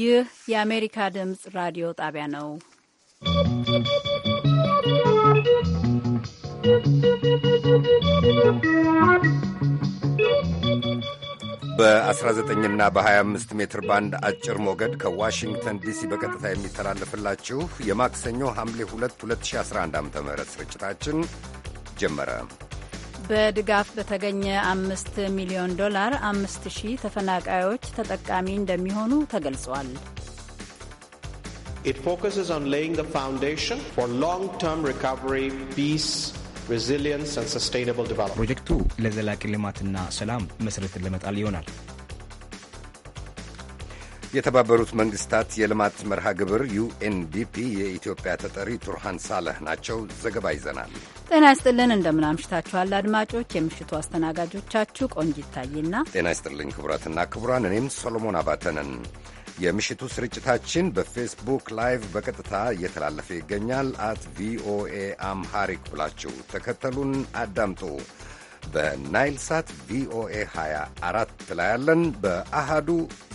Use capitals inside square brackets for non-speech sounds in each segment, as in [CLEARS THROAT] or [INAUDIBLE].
ይህ የአሜሪካ ድምፅ ራዲዮ ጣቢያ ነው። በ19ና በ25 ሜትር ባንድ አጭር ሞገድ ከዋሽንግተን ዲሲ በቀጥታ የሚተላለፍላችሁ የማክሰኞ ሐምሌ 2 2011 ዓ ም ስርጭታችን ጀመረ። በድጋፍ በተገኘ አምስት ሚሊዮን ዶላር አምስት ሺህ ተፈናቃዮች ተጠቃሚ እንደሚሆኑ ተገልጿል። It focuses on laying the foundation for long-term recovery, peace, resilience and sustainable development. ፕሮጀክቱ ለዘላቂ ልማትና ሰላም መሰረትን ለመጣል ይሆናል። የተባበሩት መንግስታት የልማት መርሃ ግብር ዩኤንዲፒ የኢትዮጵያ ተጠሪ ቱርሃን ሳለህ ናቸው። ዘገባ ይዘናል። ጤና ይስጥልን፣ እንደምናምሽታችኋል አድማጮች። የምሽቱ አስተናጋጆቻችሁ ቆንጅ ይታይና ጤና ይስጥልኝ ክቡራትና ክቡራን፣ እኔም ሶሎሞን አባተንን። የምሽቱ ስርጭታችን በፌስቡክ ላይቭ በቀጥታ እየተላለፈ ይገኛል። አት ቪኦኤ አምሃሪክ ብላችሁ ተከተሉን፣ አዳምጡ በናይል ሳት ቪኦኤ 24 ላይ ያለን በአሃዱ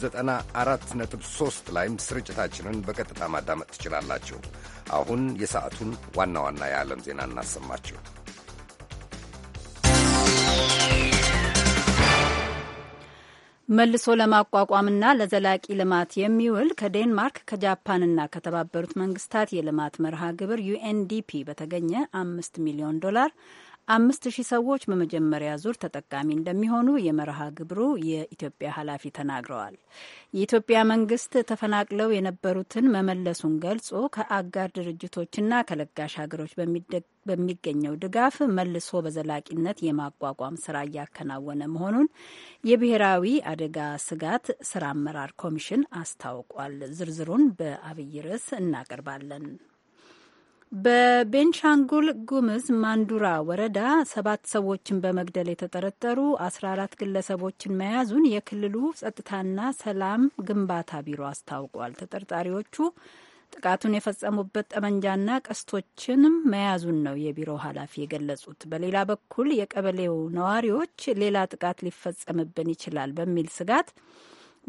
94.3 ላይም ስርጭታችንን በቀጥታ ማዳመጥ ትችላላችሁ። አሁን የሰዓቱን ዋና ዋና የዓለም ዜና እናሰማችሁ። መልሶ ለማቋቋምና ለዘላቂ ልማት የሚውል ከዴንማርክ ከጃፓንና ከተባበሩት መንግስታት የልማት መርሃ ግብር ዩኤንዲፒ በተገኘ አምስት ሚሊዮን ዶላር አምስት ሺህ ሰዎች በመጀመሪያ ዙር ተጠቃሚ እንደሚሆኑ የመርሃ ግብሩ የኢትዮጵያ ኃላፊ ተናግረዋል። የኢትዮጵያ መንግስት ተፈናቅለው የነበሩትን መመለሱን ገልጾ ከአጋር ድርጅቶችና ከለጋሽ ሀገሮች በሚገኘው ድጋፍ መልሶ በዘላቂነት የማቋቋም ስራ እያከናወነ መሆኑን የብሔራዊ አደጋ ስጋት ስራ አመራር ኮሚሽን አስታውቋል። ዝርዝሩን በአብይ ርዕስ እናቀርባለን። በቤንሻንጉል ጉምዝ ማንዱራ ወረዳ ሰባት ሰዎችን በመግደል የተጠረጠሩ አስራ አራት ግለሰቦችን መያዙን የክልሉ ጸጥታና ሰላም ግንባታ ቢሮ አስታውቋል። ተጠርጣሪዎቹ ጥቃቱን የፈጸሙበት ጠመንጃና ቀስቶችንም መያዙን ነው የቢሮው ኃላፊ የገለጹት። በሌላ በኩል የቀበሌው ነዋሪዎች ሌላ ጥቃት ሊፈጸምብን ይችላል በሚል ስጋት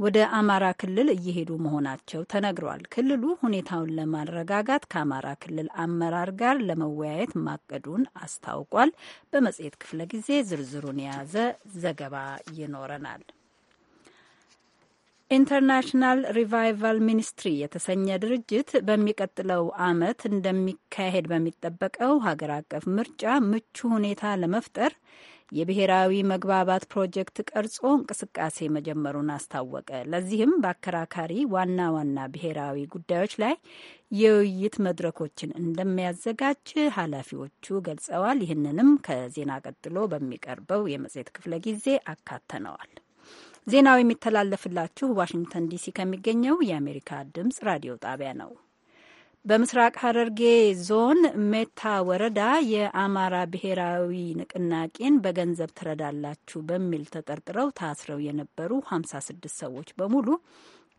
ወደ አማራ ክልል እየሄዱ መሆናቸው ተነግረዋል። ክልሉ ሁኔታውን ለማረጋጋት ከአማራ ክልል አመራር ጋር ለመወያየት ማቀዱን አስታውቋል። በመጽሔት ክፍለ ጊዜ ዝርዝሩን የያዘ ዘገባ ይኖረናል። ኢንተርናሽናል ሪቫይቫል ሚኒስትሪ የተሰኘ ድርጅት በሚቀጥለው ዓመት እንደሚካሄድ በሚጠበቀው ሀገር አቀፍ ምርጫ ምቹ ሁኔታ ለመፍጠር የብሔራዊ መግባባት ፕሮጀክት ቀርጾ እንቅስቃሴ መጀመሩን አስታወቀ። ለዚህም በአከራካሪ ዋና ዋና ብሔራዊ ጉዳዮች ላይ የውይይት መድረኮችን እንደሚያዘጋጅ ኃላፊዎቹ ገልጸዋል። ይህንንም ከዜና ቀጥሎ በሚቀርበው የመጽሔት ክፍለ ጊዜ አካተነዋል። ዜናው የሚተላለፍላችሁ ዋሽንግተን ዲሲ ከሚገኘው የአሜሪካ ድምጽ ራዲዮ ጣቢያ ነው። በምስራቅ ሐረርጌ ዞን ሜታ ወረዳ የአማራ ብሔራዊ ንቅናቄን በገንዘብ ትረዳላችሁ በሚል ተጠርጥረው ታስረው የነበሩ 56 ሰዎች በሙሉ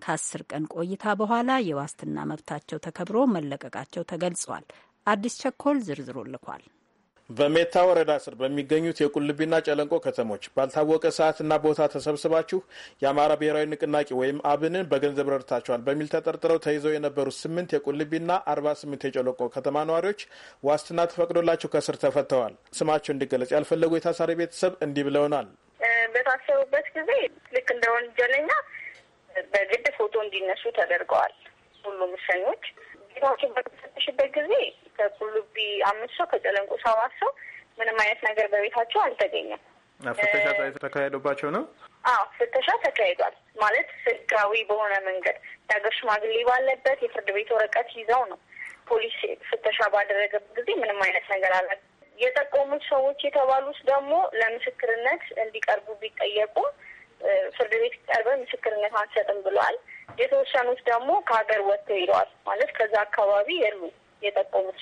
ከአስር ቀን ቆይታ በኋላ የዋስትና መብታቸው ተከብሮ መለቀቃቸው ተገልጿል። አዲስ ቸኮል ዝርዝሩ ልኳል። በሜታ ወረዳ ስር በሚገኙት የቁልቢና ጨለንቆ ከተሞች ባልታወቀ ሰዓትና ቦታ ተሰብስባችሁ የአማራ ብሔራዊ ንቅናቄ ወይም አብንን በገንዘብ ረድታችኋል በሚል ተጠርጥረው ተይዘው የነበሩት ስምንት የቁልቢና አርባ ስምንት የጨለንቆ ከተማ ነዋሪዎች ዋስትና ተፈቅዶላቸው ከስር ተፈተዋል። ስማቸው እንዲገለጽ ያልፈለጉ የታሳሪ ቤተሰብ እንዲህ ብለውናል። በታሰቡበት ጊዜ ልክ እንደ ወንጀለኛ በግድ ፎቶ እንዲነሱ ተደርገዋል። ሁሉም እስረኞች ቤታቸው በተፈተሽበት ጊዜ ከቁልቢ አምስት ሰው ከጨለንቆ ሰባት ሰው ምንም አይነት ነገር በቤታቸው አልተገኘም። ፍተሻ ነው? አዎ ፍተሻ ተካሂዷል። ማለት ህጋዊ በሆነ መንገድ የሀገር ሽማግሌ ባለበት የፍርድ ቤት ወረቀት ይዘው ነው። ፖሊስ ፍተሻ ባደረገበት ጊዜ ምንም አይነት ነገር አለ። የጠቆሙት ሰዎች የተባሉት ደግሞ ለምስክርነት እንዲቀርቡ ቢጠየቁ ፍርድ ቤት ቀርበ ምስክርነት አንሰጥም ብለዋል። የተወሰኑት ደግሞ ከሀገር ወጥተው ይለዋል ማለት ከዛ አካባቢ የሉ የጠቆሙት።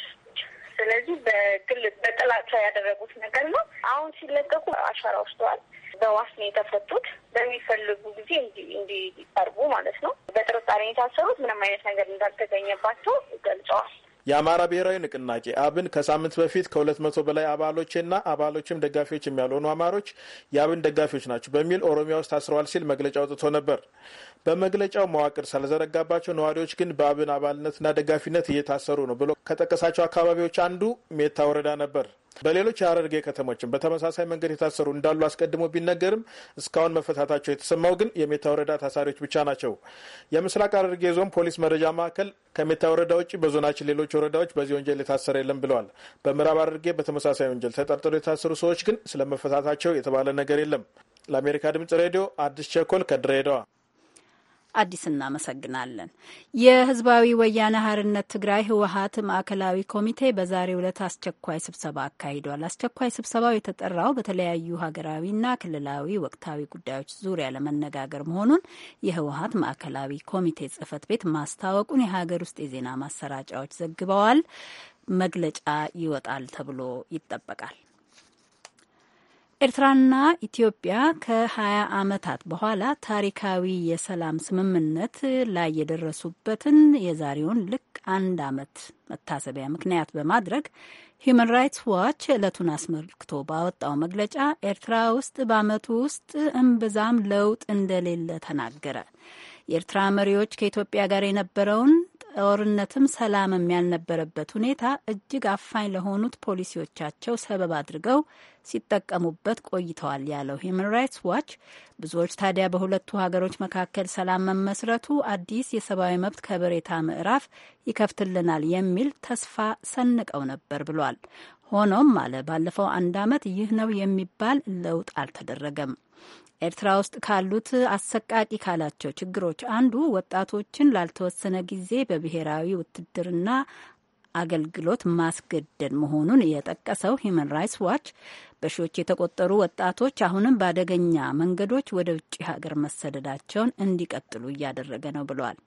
ስለዚህ በግል በጥላቻ ያደረጉት ነገር ነው። አሁን ሲለቀቁ አሻራ ውስተዋል በዋስ ነው የተፈቱት። በሚፈልጉ ጊዜ እንዲቀርቡ ማለት ነው። በጥርጣሬ የታሰሩት ምንም አይነት ነገር እንዳልተገኘባቸው ገልጸዋል። የአማራ ብሔራዊ ንቅናቄ አብን ከሳምንት በፊት ከሁለት መቶ በላይ አባሎችና አባሎችም ደጋፊዎች የሚያልሆኑ አማሮች የአብን ደጋፊዎች ናቸው በሚል ኦሮሚያ ውስጥ ታስረዋል ሲል መግለጫ አውጥቶ ነበር። በመግለጫው መዋቅር ስለዘረጋባቸው ነዋሪዎች ግን በአብን አባልነትና ደጋፊነት እየታሰሩ ነው ብሎ ከጠቀሳቸው አካባቢዎች አንዱ ሜታ ወረዳ ነበር። በሌሎች የሀረርጌ ከተሞችም በተመሳሳይ መንገድ የታሰሩ እንዳሉ አስቀድሞ ቢነገርም እስካሁን መፈታታቸው የተሰማው ግን የሜታ ወረዳ ታሳሪዎች ብቻ ናቸው። የምስራቅ ሐረርጌ ዞን ፖሊስ መረጃ ማዕከል ከሜታ ወረዳ ውጭ በዞናችን ሌሎች ወረዳዎች በዚህ ወንጀል የታሰረ የለም ብለዋል። በምዕራብ ሐረርጌ በተመሳሳይ ወንጀል ተጠርጥረው የታሰሩ ሰዎች ግን ስለመፈታታቸው የተባለ ነገር የለም። ለአሜሪካ ድምጽ ሬዲዮ አዲስ ቸኮል ከድሬዳዋ አዲስ እናመሰግናለን። የህዝባዊ ወያነ ሀርነት ትግራይ ህወሀት ማዕከላዊ ኮሚቴ በዛሬው ዕለት አስቸኳይ ስብሰባ አካሂዷል። አስቸኳይ ስብሰባው የተጠራው በተለያዩ ሀገራዊና ክልላዊ ወቅታዊ ጉዳዮች ዙሪያ ለመነጋገር መሆኑን የህወሀት ማዕከላዊ ኮሚቴ ጽህፈት ቤት ማስታወቁን የሀገር ውስጥ የዜና ማሰራጫዎች ዘግበዋል። መግለጫ ይወጣል ተብሎ ይጠበቃል። ኤርትራና ኢትዮጵያ ከ20 ዓመታት በኋላ ታሪካዊ የሰላም ስምምነት ላይ የደረሱበትን የዛሬውን ልክ አንድ ዓመት መታሰቢያ ምክንያት በማድረግ ሂዩማን ራይትስ ዋች ዕለቱን አስመልክቶ ባወጣው መግለጫ ኤርትራ ውስጥ በዓመቱ ውስጥ እምብዛም ለውጥ እንደሌለ ተናገረ። የኤርትራ መሪዎች ከኢትዮጵያ ጋር የነበረውን ጦርነትም ሰላምም ያልነበረበት ሁኔታ እጅግ አፋኝ ለሆኑት ፖሊሲዎቻቸው ሰበብ አድርገው ሲጠቀሙበት ቆይተዋል ያለው ሂዩማን ራይትስ ዋች ብዙዎች ታዲያ በሁለቱ ሀገሮች መካከል ሰላም መመስረቱ አዲስ የሰብአዊ መብት ከበሬታ ምዕራፍ ይከፍትልናል የሚል ተስፋ ሰንቀው ነበር ብሏል። ሆኖም አለ ባለፈው አንድ ዓመት ይህ ነው የሚባል ለውጥ አልተደረገም። ኤርትራ ውስጥ ካሉት አሰቃቂ ካላቸው ችግሮች አንዱ ወጣቶችን ላልተወሰነ ጊዜ በብሔራዊ ውትድርና አገልግሎት ማስገደድ መሆኑን የጠቀሰው ሂዩማን ራይትስ ዋች በሺዎች የተቆጠሩ ወጣቶች አሁንም በአደገኛ መንገዶች ወደ ውጭ ሀገር መሰደዳቸውን እንዲቀጥሉ እያደረገ ነው ብሏል።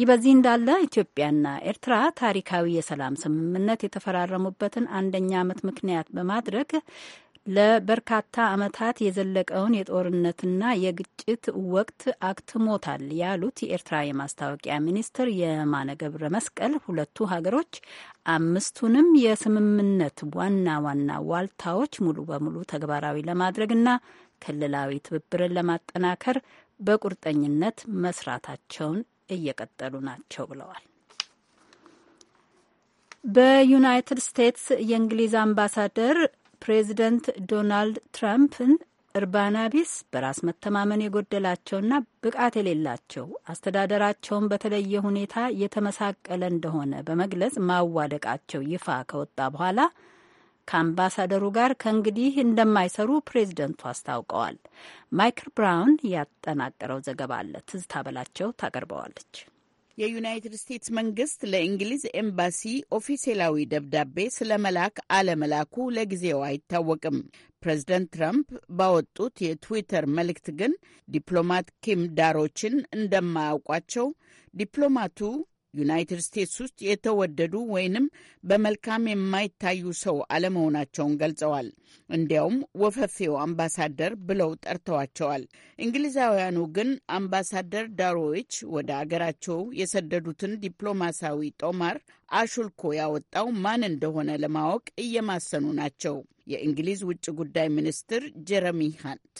ይህ በዚህ እንዳለ ኢትዮጵያና ኤርትራ ታሪካዊ የሰላም ስምምነት የተፈራረሙበትን አንደኛ ዓመት ምክንያት በማድረግ ለበርካታ ዓመታት የዘለቀውን የጦርነትና የግጭት ወቅት አክትሞታል ያሉት የኤርትራ የማስታወቂያ ሚኒስትር የማነ ገብረ መስቀል ሁለቱ ሀገሮች አምስቱንም የስምምነት ዋና ዋና ዋልታዎች ሙሉ በሙሉ ተግባራዊ ለማድረግና ክልላዊ ትብብርን ለማጠናከር በቁርጠኝነት መስራታቸውን እየቀጠሉ ናቸው ብለዋል። በዩናይትድ ስቴትስ የእንግሊዝ አምባሳደር ፕሬዚደንት ዶናልድ ትራምፕን እርባና ቢስ፣ በራስ መተማመን የጎደላቸውና ብቃት የሌላቸው አስተዳደራቸውን በተለየ ሁኔታ የተመሳቀለ እንደሆነ በመግለጽ ማዋደቃቸው ይፋ ከወጣ በኋላ ከአምባሳደሩ ጋር ከእንግዲህ እንደማይሰሩ ፕሬዚደንቱ አስታውቀዋል። ማይክል ብራውን ያጠናቀረው ዘገባ አለ። ትዝታ በላቸው ታቀርበዋለች። የዩናይትድ ስቴትስ መንግስት ለእንግሊዝ ኤምባሲ ኦፊሴላዊ ደብዳቤ ስለ መላክ አለመላኩ ለጊዜው አይታወቅም። ፕሬዝደንት ትራምፕ ባወጡት የትዊተር መልእክት ግን ዲፕሎማት ኪም ዳሮችን እንደማያውቋቸው ዲፕሎማቱ ዩናይትድ ስቴትስ ውስጥ የተወደዱ ወይንም በመልካም የማይታዩ ሰው አለመሆናቸውን ገልጸዋል። እንዲያውም ወፈፌው አምባሳደር ብለው ጠርተዋቸዋል። እንግሊዛውያኑ ግን አምባሳደር ዳሮዎች ወደ አገራቸው የሰደዱትን ዲፕሎማሲያዊ ጦማር አሹልኮ ያወጣው ማን እንደሆነ ለማወቅ እየማሰኑ ናቸው። የእንግሊዝ ውጭ ጉዳይ ሚኒስትር ጀረሚ ሃንት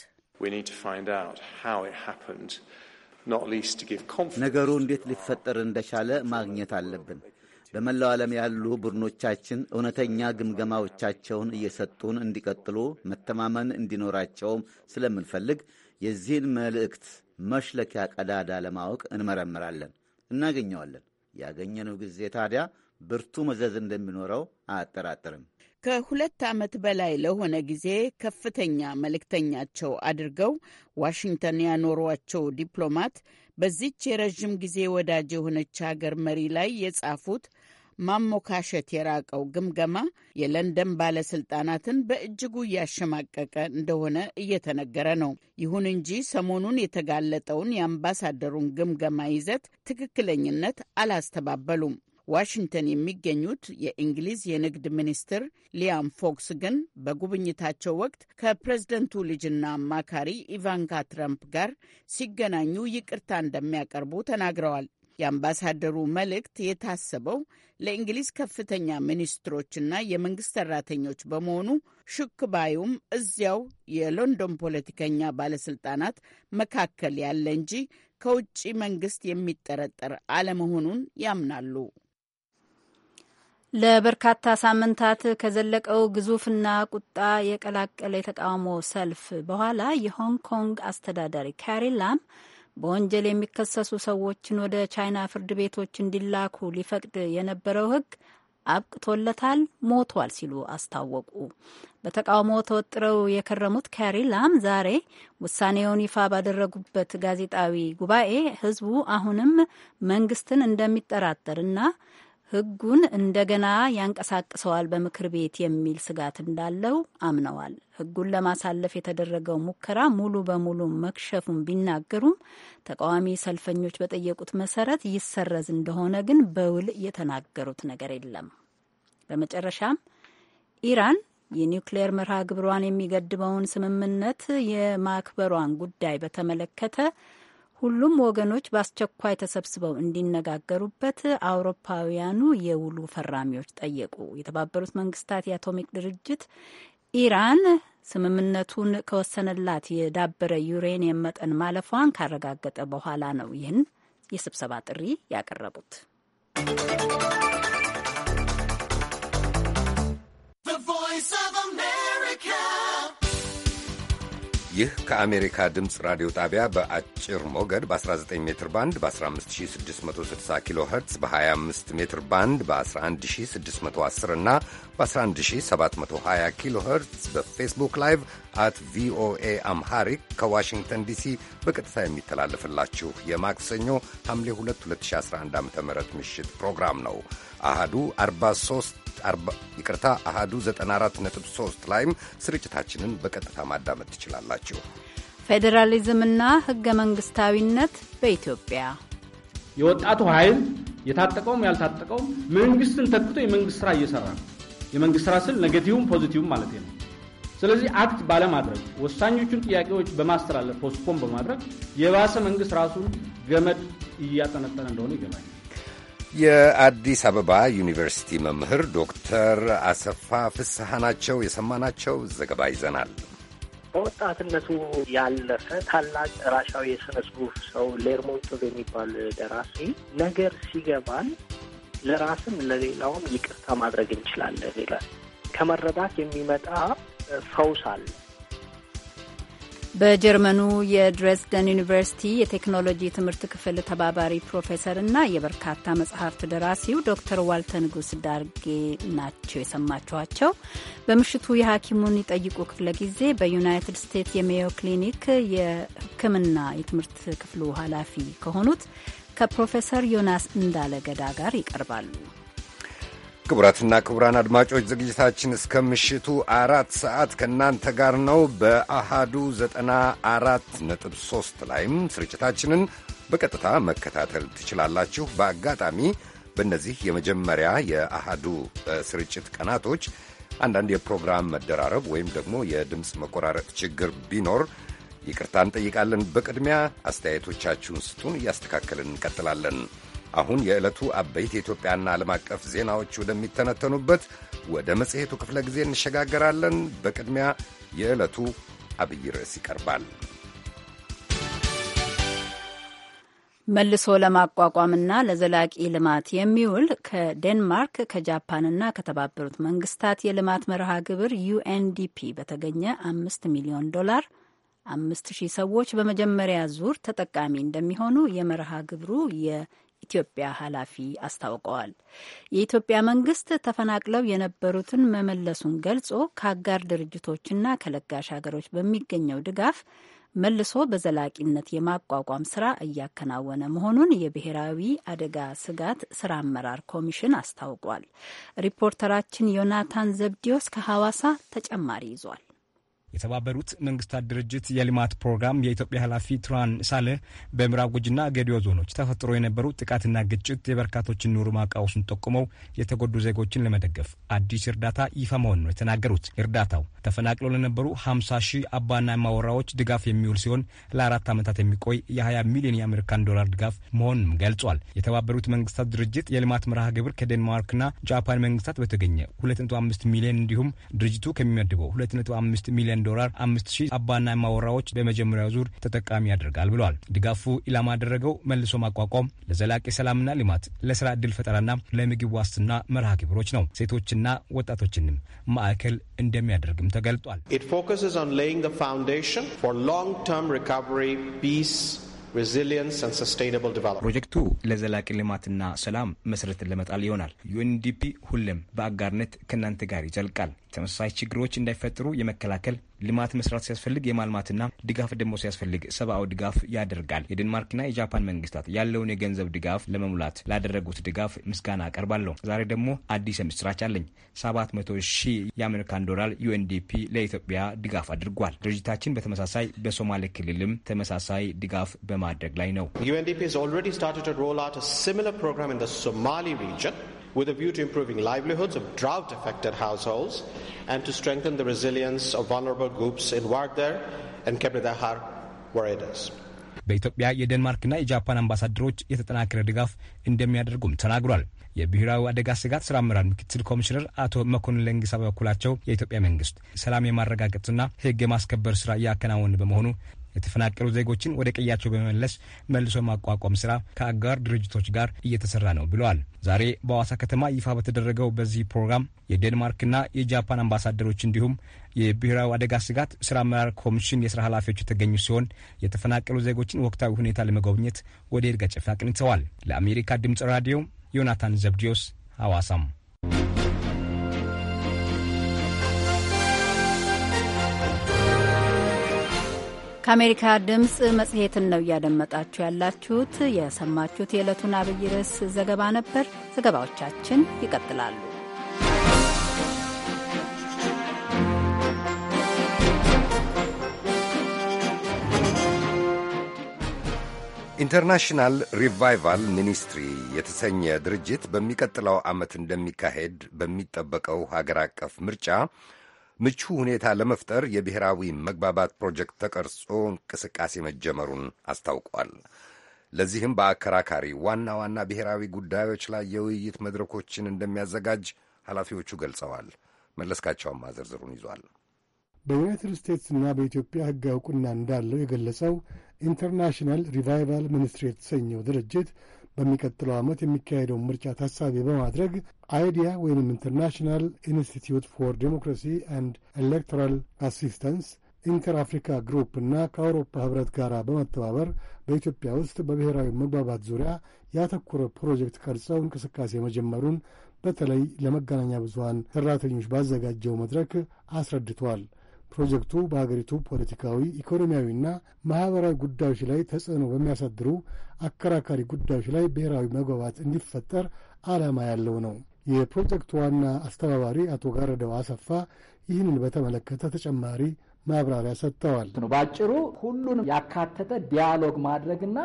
ነገሩ እንዴት ሊፈጠር እንደቻለ ማግኘት አለብን። በመላው ዓለም ያሉ ቡድኖቻችን እውነተኛ ግምገማዎቻቸውን እየሰጡን እንዲቀጥሉ መተማመን እንዲኖራቸውም ስለምንፈልግ የዚህን መልእክት መሽለኪያ ቀዳዳ ለማወቅ እንመረምራለን፣ እናገኘዋለን። ያገኘነው ጊዜ ታዲያ ብርቱ መዘዝ እንደሚኖረው አያጠራጥርም። ከሁለት ዓመት በላይ ለሆነ ጊዜ ከፍተኛ መልእክተኛቸው አድርገው ዋሽንግተን ያኖሯቸው ዲፕሎማት በዚች የረዥም ጊዜ ወዳጅ የሆነች ሀገር መሪ ላይ የጻፉት ማሞካሸት የራቀው ግምገማ የለንደን ባለስልጣናትን በእጅጉ እያሸማቀቀ እንደሆነ እየተነገረ ነው። ይሁን እንጂ ሰሞኑን የተጋለጠውን የአምባሳደሩን ግምገማ ይዘት ትክክለኝነት አላስተባበሉም። ዋሽንግተን የሚገኙት የእንግሊዝ የንግድ ሚኒስትር ሊያም ፎክስ ግን በጉብኝታቸው ወቅት ከፕሬዝደንቱ ልጅና አማካሪ ኢቫንካ ትረምፕ ጋር ሲገናኙ ይቅርታ እንደሚያቀርቡ ተናግረዋል። የአምባሳደሩ መልእክት የታሰበው ለእንግሊዝ ከፍተኛ ሚኒስትሮችና የመንግስት ሰራተኞች በመሆኑ ሹክ ባዩም እዚያው የሎንዶን ፖለቲከኛ ባለስልጣናት መካከል ያለ እንጂ ከውጭ መንግስት የሚጠረጠር አለመሆኑን ያምናሉ። ለበርካታ ሳምንታት ከዘለቀው ግዙፍና ቁጣ የቀላቀለ የተቃውሞ ሰልፍ በኋላ የሆንግ ኮንግ አስተዳዳሪ ካሪ ላም በወንጀል የሚከሰሱ ሰዎችን ወደ ቻይና ፍርድ ቤቶች እንዲላኩ ሊፈቅድ የነበረው ሕግ አብቅቶለታል፣ ሞቷል ሲሉ አስታወቁ። በተቃውሞ ተወጥረው የከረሙት ካሪ ላም ዛሬ ውሳኔውን ይፋ ባደረጉበት ጋዜጣዊ ጉባኤ ህዝቡ አሁንም መንግስትን እንደሚጠራጠርና ህጉን እንደገና ያንቀሳቅሰዋል በምክር ቤት የሚል ስጋት እንዳለው አምነዋል። ህጉን ለማሳለፍ የተደረገው ሙከራ ሙሉ በሙሉ መክሸፉን ቢናገሩም ተቃዋሚ ሰልፈኞች በጠየቁት መሰረት ይሰረዝ እንደሆነ ግን በውል የተናገሩት ነገር የለም። በመጨረሻም ኢራን የኒውክሌር መርሃ ግብሯን የሚገድበውን ስምምነት የማክበሯን ጉዳይ በተመለከተ ሁሉም ወገኖች በአስቸኳይ ተሰብስበው እንዲነጋገሩበት አውሮፓውያኑ የውሉ ፈራሚዎች ጠየቁ። የተባበሩት መንግስታት የአቶሚክ ድርጅት ኢራን ስምምነቱን ከወሰነላት የዳበረ ዩሬኒየም መጠን ማለፏን ካረጋገጠ በኋላ ነው ይህን የስብሰባ ጥሪ ያቀረቡት። ይህ ከአሜሪካ ድምፅ ራዲዮ ጣቢያ በአጭር ሞገድ በ19 ሜትር ባንድ በ15660 ኪሎ ኸርትዝ በ25 ሜትር ባንድ በ11610 እና በ11720 ኪሎ ኸርትዝ በፌስቡክ ላይቭ አት ቪኦኤ አምሃሪክ ከዋሽንግተን ዲሲ በቀጥታ የሚተላለፍላችሁ የማክሰኞ ሐምሌ 2 2011 ዓ ም ምሽት ፕሮግራም ነው። አሃዱ 43 ይቅርታ፣ አሃዱ 94.3 ላይም ስርጭታችንን በቀጥታ ማዳመጥ ትችላላችሁ። ፌዴራሊዝምና ሕገ መንግሥታዊነት በኢትዮጵያ የወጣቱ ኃይል የታጠቀውም ያልታጠቀውም መንግስትን ተክቶ የመንግስት ስራ እየሰራ ነው። የመንግስት ስራ ስል ኔጌቲቭም ፖዚቲቭም ማለት ነው። ስለዚህ አክት ባለማድረግ ወሳኞቹን ጥያቄዎች በማስተላለፍ ፖስትፖን በማድረግ የባሰ መንግስት ራሱን ገመድ እያጠነጠነ እንደሆነ ይገባል። የአዲስ አበባ ዩኒቨርሲቲ መምህር ዶክተር አሰፋ ፍስሐ ናቸው የሰማናቸው። ዘገባ ይዘናል። በወጣትነቱ ያለፈ ታላቅ ራሻዊ የስነ ጽሁፍ ሰው ሌርሞንቶቭ የሚባል ደራሲ ነገር ሲገባን ለራስም ለሌላውም ይቅርታ ማድረግ እንችላለን ይላል። ከመረዳት የሚመጣ ፈውስ አለ። በጀርመኑ የድሬስደን ዩኒቨርሲቲ የቴክኖሎጂ ትምህርት ክፍል ተባባሪ ፕሮፌሰርና የበርካታ መጽሐፍት ደራሲው ዶክተር ዋልተ ንጉስ ዳርጌ ናቸው የሰማችኋቸው። በምሽቱ የሐኪሙን ይጠይቁ ክፍለ ጊዜ በዩናይትድ ስቴትስ የሜዮ ክሊኒክ የሕክምና የትምህርት ክፍሉ ኃላፊ ከሆኑት ከፕሮፌሰር ዮናስ እንዳለገዳ ጋር ይቀርባሉ። ክቡራትና ክቡራን አድማጮች ዝግጅታችን እስከ ምሽቱ አራት ሰዓት ከእናንተ ጋር ነው። በአሃዱ 94.3 ላይም ስርጭታችንን በቀጥታ መከታተል ትችላላችሁ። በአጋጣሚ በእነዚህ የመጀመሪያ የአሃዱ ስርጭት ቀናቶች አንዳንድ የፕሮግራም መደራረብ ወይም ደግሞ የድምፅ መቆራረጥ ችግር ቢኖር ይቅርታ እንጠይቃለን። በቅድሚያ አስተያየቶቻችሁን ስጡን፣ እያስተካከልን እንቀጥላለን። አሁን የዕለቱ አበይት የኢትዮጵያና ዓለም አቀፍ ዜናዎች ወደሚተነተኑበት ወደ መጽሔቱ ክፍለ ጊዜ እንሸጋገራለን። በቅድሚያ የዕለቱ አብይ ርዕስ ይቀርባል። መልሶ ለማቋቋምና ለዘላቂ ልማት የሚውል ከዴንማርክ ከጃፓንና ከተባበሩት መንግስታት የልማት መርሃ ግብር ዩኤንዲፒ በተገኘ አምስት ሚሊዮን ዶላር አምስት ሺህ ሰዎች በመጀመሪያ ዙር ተጠቃሚ እንደሚሆኑ የመርሃ ግብሩ ኢትዮጵያ ኃላፊ አስታውቀዋል። የኢትዮጵያ መንግስት ተፈናቅለው የነበሩትን መመለሱን ገልጾ ከአጋር ድርጅቶችና ከለጋሽ ሀገሮች በሚገኘው ድጋፍ መልሶ በዘላቂነት የማቋቋም ስራ እያከናወነ መሆኑን የብሔራዊ አደጋ ስጋት ስራ አመራር ኮሚሽን አስታውቋል። ሪፖርተራችን ዮናታን ዘብዲዮስ ከሐዋሳ ተጨማሪ ይዟል። የተባበሩት መንግስታት ድርጅት የልማት ፕሮግራም የኢትዮጵያ ኃላፊ ቱራን ሳለ በምዕራብ ጉጂና ገዲዮ ዞኖች ተፈጥሮ የነበሩ ጥቃትና ግጭት የበርካቶችን ኑሮ ማቃወሱን ጠቁመው የተጎዱ ዜጎችን ለመደገፍ አዲስ እርዳታ ይፋ መሆን ነው የተናገሩት። እርዳታው ተፈናቅለው ለነበሩ 50 ሺህ አባና ማወራዎች ድጋፍ የሚውል ሲሆን ለአራት ዓመታት የሚቆይ የ20 ሚሊዮን የአሜሪካን ዶላር ድጋፍ መሆኑንም ገልጿል። የተባበሩት መንግስታት ድርጅት የልማት መርሃ ግብር ከዴንማርክና ጃፓን መንግስታት በተገኘ 25 ሚሊዮን እንዲሁም ድርጅቱ ከሚመድበው 25 ሚሊዮን ሚሊዮን ዶላር አምስት ሺህ አባና ማወራዎች በመጀመሪያው ዙር ተጠቃሚ ያደርጋል ብለዋል። ድጋፉ ኢላማ ያደረገው መልሶ ማቋቋም፣ ለዘላቂ ሰላምና ልማት፣ ለስራ እድል ፈጠራና ለምግብ ዋስትና መርሃ ግብሮች ነው። ሴቶችና ወጣቶችንም ማዕከል እንደሚያደርግም ተገልጧል። ፕሮጀክቱ ለዘላቂ ልማትና ሰላም መሰረትን ለመጣል ይሆናል። ዩኤንዲፒ ሁሌም በአጋርነት ከእናንተ ጋር ይዘልቃል። ተመሳሳይ ችግሮች እንዳይፈጥሩ የመከላከል ልማት መስራት ሲያስፈልግ የማልማትና ድጋፍ ደግሞ ሲያስፈልግ ሰብአዊ ድጋፍ ያደርጋል። የዴንማርክና የጃፓን መንግስታት ያለውን የገንዘብ ድጋፍ ለመሙላት ላደረጉት ድጋፍ ምስጋና አቀርባለሁ። ዛሬ ደግሞ አዲስ የምስራች አለኝ። 700 ሺህ የአሜሪካን ዶላር ዩኤንዲፒ ለኢትዮጵያ ድጋፍ አድርጓል። ድርጅታችን በተመሳሳይ በሶማሌ ክልልም ተመሳሳይ ድጋፍ በማድረግ ላይ ነው። ዩኤንዲፒ has already started to roll with a view to improving livelihoods of drought affected households and to strengthen the resilience of vulnerable groups in Wardair and Kebnedahar, where it is. በኢትዮጵያ የዴንማርክና የጃፓን አምባሳደሮች የተጠናከረ ድጋፍ እንደሚያደርጉም ተናግሯል። የብሔራዊ አደጋ ስጋት ስራ አመራር ምክትል ኮሚሽነር አቶ መኮንን ለንግሳ በበኩላቸው የኢትዮጵያ መንግስት ሰላም የማረጋገጥና ሕግ የማስከበር ስራ እያከናወን በመሆኑ የተፈናቀሉ ዜጎችን ወደ ቀያቸው በመመለስ መልሶ ማቋቋም ስራ ከአጋር ድርጅቶች ጋር እየተሰራ ነው ብለዋል። ዛሬ በሐዋሳ ከተማ ይፋ በተደረገው በዚህ ፕሮግራም የዴንማርክና የጃፓን አምባሳደሮች እንዲሁም የብሔራዊ አደጋ ስጋት ስራ አመራር ኮሚሽን የስራ ኃላፊዎች የተገኙ ሲሆን የተፈናቀሉ ዜጎችን ወቅታዊ ሁኔታ ለመጎብኘት ወደ ይርጋ ጨፌ አቅንተዋል። ለአሜሪካ ድምፅ ራዲዮ ዮናታን ዘብዲዮስ አዋሳም። ከአሜሪካ ድምፅ መጽሔትን ነው እያደመጣችሁ ያላችሁት። የሰማችሁት የዕለቱን አብይ ርዕስ ዘገባ ነበር። ዘገባዎቻችን ይቀጥላሉ። ኢንተርናሽናል ሪቫይቫል ሚኒስትሪ የተሰኘ ድርጅት በሚቀጥለው ዓመት እንደሚካሄድ በሚጠበቀው ሀገር አቀፍ ምርጫ ምቹ ሁኔታ ለመፍጠር የብሔራዊ መግባባት ፕሮጀክት ተቀርጾ እንቅስቃሴ መጀመሩን አስታውቋል። ለዚህም በአከራካሪ ዋና ዋና ብሔራዊ ጉዳዮች ላይ የውይይት መድረኮችን እንደሚያዘጋጅ ኃላፊዎቹ ገልጸዋል። መለስካቸውም ዝርዝሩን ይዟል። በዩናይትድ ስቴትስና በኢትዮጵያ ሕግ እውቅና እንዳለው የገለጸው ኢንተርናሽናል ሪቫይቫል ሚኒስትሪ የተሰኘው ድርጅት በሚቀጥለው ዓመት የሚካሄደውን ምርጫ ታሳቢ በማድረግ አይዲያ ወይም ኢንተርናሽናል ኢንስቲትዩት ፎር ዴሞክራሲ አንድ ኤሌክቶራል አሲስታንስ ኢንተር አፍሪካ ግሩፕ እና ከአውሮፓ ህብረት ጋር በመተባበር በኢትዮጵያ ውስጥ በብሔራዊ መግባባት ዙሪያ ያተኮረ ፕሮጀክት ቀርጸው እንቅስቃሴ መጀመሩን በተለይ ለመገናኛ ብዙሀን ሠራተኞች ባዘጋጀው መድረክ አስረድቷል። ፕሮጀክቱ በሀገሪቱ ፖለቲካዊ፣ ኢኮኖሚያዊና ማኅበራዊ ጉዳዮች ላይ ተጽዕኖ በሚያሳድሩ አከራካሪ ጉዳዮች ላይ ብሔራዊ መግባባት እንዲፈጠር ዓላማ ያለው ነው። የፕሮጀክቱ ዋና አስተባባሪ አቶ ጋረደው አሰፋ ይህንን በተመለከተ ተጨማሪ ማብራሪያ ሰጥተዋል። በአጭሩ ሁሉንም ያካተተ ዲያሎግ ማድረግና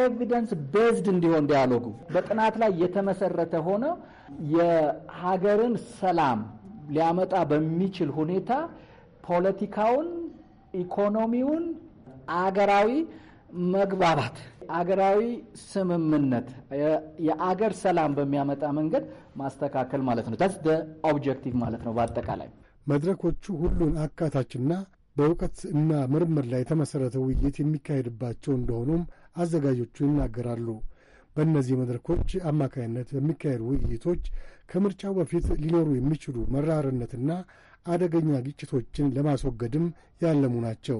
ኤቪደንስ ቤዝድ እንዲሆን ዲያሎጉ በጥናት ላይ የተመሰረተ ሆነው የሀገርን ሰላም ሊያመጣ በሚችል ሁኔታ ፖለቲካውን፣ ኢኮኖሚውን፣ አገራዊ መግባባት፣ አገራዊ ስምምነት፣ የአገር ሰላም በሚያመጣ መንገድ ማስተካከል ማለት ነው። ታስ ኦብጀክቲቭ ማለት ነው። በአጠቃላይ መድረኮቹ ሁሉን አካታችና በእውቀት እና ምርምር ላይ የተመሠረተ ውይይት የሚካሄድባቸው እንደሆኑም አዘጋጆቹ ይናገራሉ። በእነዚህ መድረኮች አማካይነት በሚካሄዱ ውይይቶች ከምርጫው በፊት ሊኖሩ የሚችሉ መራርነትና አደገኛ ግጭቶችን ለማስወገድም ያለሙ ናቸው።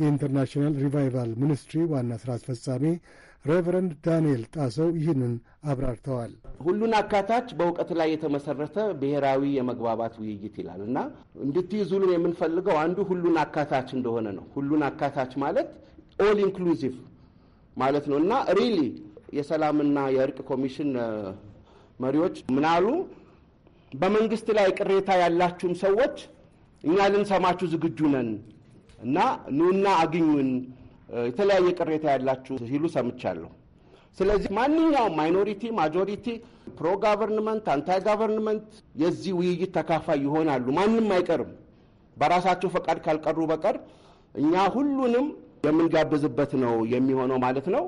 የኢንተርናሽናል ሪቫይቫል ሚኒስትሪ ዋና ሥራ አስፈጻሚ ሬቨረንድ ዳንኤል ጣሰው ይህንን አብራርተዋል። ሁሉን አካታች በእውቀት ላይ የተመሰረተ ብሔራዊ የመግባባት ውይይት ይላል እና እንድትይዙልን የምንፈልገው አንዱ ሁሉን አካታች እንደሆነ ነው። ሁሉን አካታች ማለት ኦል ኢንክሉዚቭ ማለት ነው እና ሪሊ የሰላምና የእርቅ ኮሚሽን መሪዎች ምናሉ በመንግስት ላይ ቅሬታ ያላችሁም ሰዎች እኛ ልንሰማችሁ ዝግጁ ነን እና ኑና አግኙን የተለያየ ቅሬታ ያላችሁ ሲሉ ሰምቻለሁ። ስለዚህ ማንኛውም ማይኖሪቲ፣ ማጆሪቲ፣ ፕሮ ጋቨርንመንት፣ አንታይ ጋቨርንመንት የዚህ ውይይት ተካፋይ ይሆናሉ። ማንም አይቀርም። በራሳቸው ፈቃድ ካልቀሩ በቀር እኛ ሁሉንም የምንጋብዝበት ነው የሚሆነው ማለት ነው።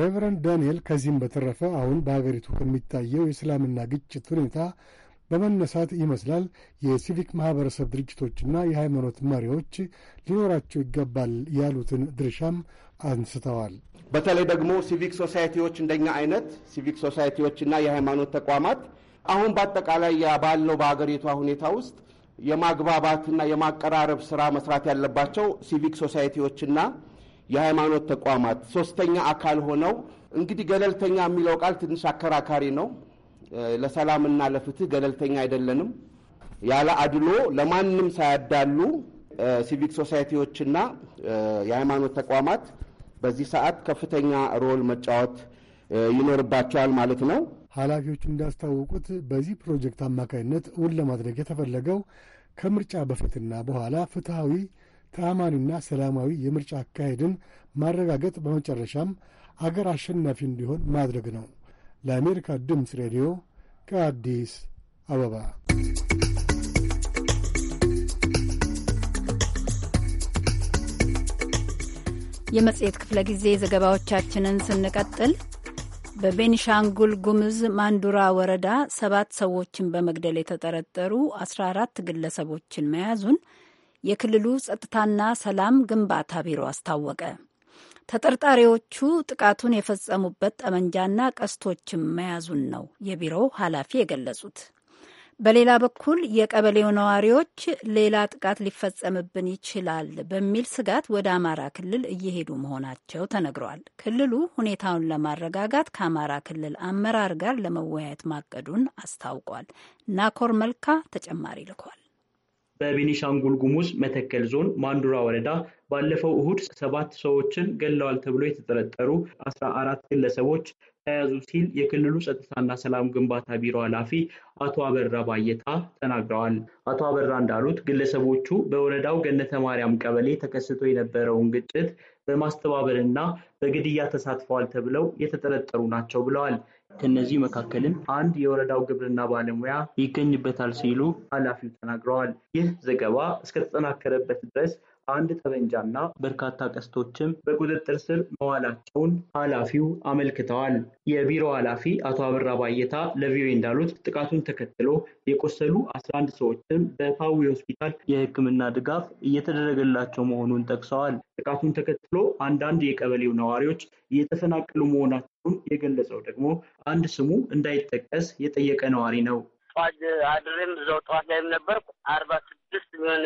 ሬቨረንድ ዳንኤል ከዚህም በተረፈ አሁን በሀገሪቱ ከሚታየው የሰላምና ግጭት ሁኔታ በመነሳት ይመስላል የሲቪክ ማህበረሰብ ድርጅቶችና የሃይማኖት መሪዎች ሊኖራቸው ይገባል ያሉትን ድርሻም አንስተዋል። በተለይ ደግሞ ሲቪክ ሶሳይቲዎች እንደኛ አይነት ሲቪክ ሶሳይቲዎችና የሃይማኖት ተቋማት አሁን በአጠቃላይ ባለው በአገሪቷ ሁኔታ ውስጥ የማግባባትና የማቀራረብ ስራ መስራት ያለባቸው ሲቪክ ሶሳይቲዎችና የሃይማኖት ተቋማት ሶስተኛ አካል ሆነው እንግዲህ ገለልተኛ የሚለው ቃል ትንሽ አከራካሪ ነው። ለሰላምና ለፍትህ ገለልተኛ አይደለንም። ያለ አድሎ ለማንም ሳያዳሉ ሲቪክ ሶሳይቲዎችና የሃይማኖት ተቋማት በዚህ ሰዓት ከፍተኛ ሮል መጫወት ይኖርባቸዋል ማለት ነው። ኃላፊዎቹ እንዳስታወቁት በዚህ ፕሮጀክት አማካኝነት እውን ለማድረግ የተፈለገው ከምርጫ በፊትና በኋላ ፍትሐዊ፣ ተአማኒና ሰላማዊ የምርጫ አካሄድን ማረጋገጥ በመጨረሻም አገር አሸናፊ እንዲሆን ማድረግ ነው። ለአሜሪካ ድምፅ ሬዲዮ ከአዲስ አበባ። የመጽሔት ክፍለ ጊዜ ዘገባዎቻችንን ስንቀጥል በቤኒሻንጉል ጉምዝ ማንዱራ ወረዳ ሰባት ሰዎችን በመግደል የተጠረጠሩ አስራ ግለሰቦችን መያዙን የክልሉ ጸጥታና ሰላም ግንባታ ቢሮ አስታወቀ። ተጠርጣሪዎቹ ጥቃቱን የፈጸሙበት ጠመንጃና ቀስቶችም መያዙን ነው የቢሮው ኃላፊ የገለጹት። በሌላ በኩል የቀበሌው ነዋሪዎች ሌላ ጥቃት ሊፈጸምብን ይችላል በሚል ስጋት ወደ አማራ ክልል እየሄዱ መሆናቸው ተነግረዋል። ክልሉ ሁኔታውን ለማረጋጋት ከአማራ ክልል አመራር ጋር ለመወያየት ማቀዱን አስታውቋል። ናኮር መልካ ተጨማሪ ልኳል። በቤኒሻንጉል ጉሙዝ መተከል ዞን ማንዱራ ወረዳ ባለፈው እሁድ ሰባት ሰዎችን ገለዋል ተብሎ የተጠረጠሩ አስራ አራት ግለሰቦች ተያዙ ሲል የክልሉ ጸጥታና ሰላም ግንባታ ቢሮ ኃላፊ አቶ አበራ ባየታ ተናግረዋል። አቶ አበራ እንዳሉት ግለሰቦቹ በወረዳው ገነተ ማርያም ቀበሌ ተከስቶ የነበረውን ግጭት በማስተባበር በግድያ ተሳትፈዋል ተብለው የተጠረጠሩ ናቸው ብለዋል። ከእነዚህ መካከልም አንድ የወረዳው ግብርና ባለሙያ ይገኝበታል ሲሉ ኃላፊው ተናግረዋል። ይህ ዘገባ እስከተጠናከረበት ድረስ አንድ ጠበንጃና በርካታ ቀስቶችም በቁጥጥር ስር መዋላቸውን ኃላፊው አመልክተዋል። የቢሮ ኃላፊ አቶ አበራ ባየታ ለቪኦኤ እንዳሉት ጥቃቱን ተከትሎ የቆሰሉ 11 ሰዎችም በፓዊ ሆስፒታል የሕክምና ድጋፍ እየተደረገላቸው መሆኑን ጠቅሰዋል። ጥቃቱን ተከትሎ አንዳንድ የቀበሌው ነዋሪዎች እየተፈናቀሉ መሆናቸው መሆኑን የገለጸው ደግሞ አንድ ስሙ እንዳይጠቀስ የጠየቀ ነዋሪ ነው። ጠዋት አድሬም እዛው ጠዋት ላይም ነበርኩ አርባ ስድስት የሚሆን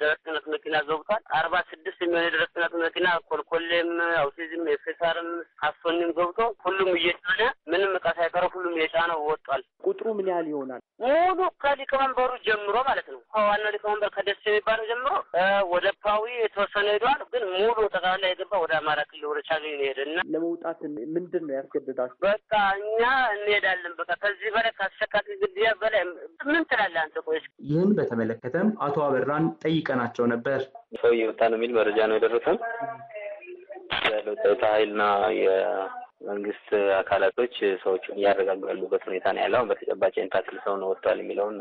ደረቅ ጭነት መኪና ገብቷል። አርባ ስድስት የሚሆን የደረቅ ጭነት መኪና ኮልኮሌም፣ አውቲዝም፣ ኤፌሳርም፣ ሀሶኒም ገብቶ ሁሉም እየጫነ ምንም እቃ ሳይቀረ ሁሉም እየጫነው ወጧል። ቁጥሩ ምን ያህል ይሆናል? ሙሉ ከሊቀመንበሩ ጀምሮ ማለት ነው። ከዋናው ሊቀመንበር ከደስ የሚባለው ጀምሮ ወደ ፓዊ የተወሰነ ሄደዋል። ግን ሙሉ ጠቅላላ የገባ ወደ አማራ ክልል ወደ ቻግኝ ነው ሄደና ለመውጣት ምንድን ነው ያስገድዳችሁ? በቃ እኛ እንሄዳለን። በቃ ከዚህ በላይ ከአሰቃቂ ግድያ በላይ ምን ትላለህ አንተ? ቆይ ይህን በተመለከተም አቶ አበራን ጠይቀናቸው ነበር። ሰው እየወጣ ነው የሚል መረጃ ነው የደረሰን። የጸጥታ ኃይልና የመንግስት አካላቶች ሰዎቹን እያረጋጉ ያሉበት ሁኔታ ነው ያለው። በተጨባጭ ንታክል ሰው ነው ወጥቷል የሚለውን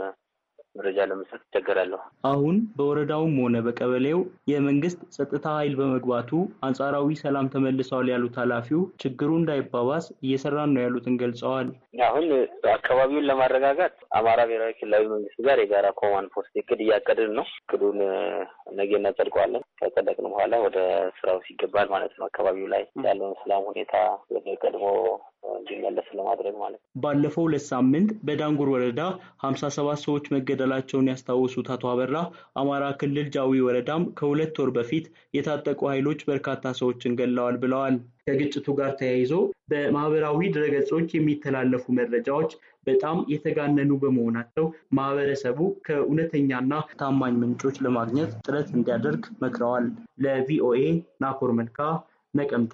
መረጃ ለመስጠት ይቸገራለሁ። አሁን በወረዳውም ሆነ በቀበሌው የመንግስት ጸጥታ ኃይል በመግባቱ አንጻራዊ ሰላም ተመልሰዋል ያሉት ኃላፊው ችግሩ እንዳይባባስ እየሰራን ነው ያሉትን ገልጸዋል። አሁን አካባቢውን ለማረጋጋት አማራ ብሔራዊ ክልላዊ መንግስት ጋር የጋራ ኮማንድ ፖስት እቅድ እያቀድን ነው። እቅዱን ነገ እናጸድቀዋለን። ከጸደቅን በኋላ ወደ ስራው ሲገባል ማለት ነው። አካባቢው ላይ ያለውን ሰላም ሁኔታ ቀድሞ እንዲመለስ ለማድረግ ማለት ነው። ባለፈው ሁለት ሳምንት በዳንጉር ወረዳ ሀምሳ ሰባት ሰዎች መገደላቸውን ያስታወሱት አቶ አበራ አማራ ክልል ጃዊ ወረዳም ከሁለት ወር በፊት የታጠቁ ኃይሎች በርካታ ሰዎችን ገለዋል ብለዋል። ከግጭቱ ጋር ተያይዞ በማህበራዊ ድረገጾች የሚተላለፉ መረጃዎች በጣም የተጋነኑ በመሆናቸው ማህበረሰቡ ከእውነተኛና ታማኝ ምንጮች ለማግኘት ጥረት እንዲያደርግ መክረዋል። ለቪኦኤ ናኮር መልካ ነቀምቴ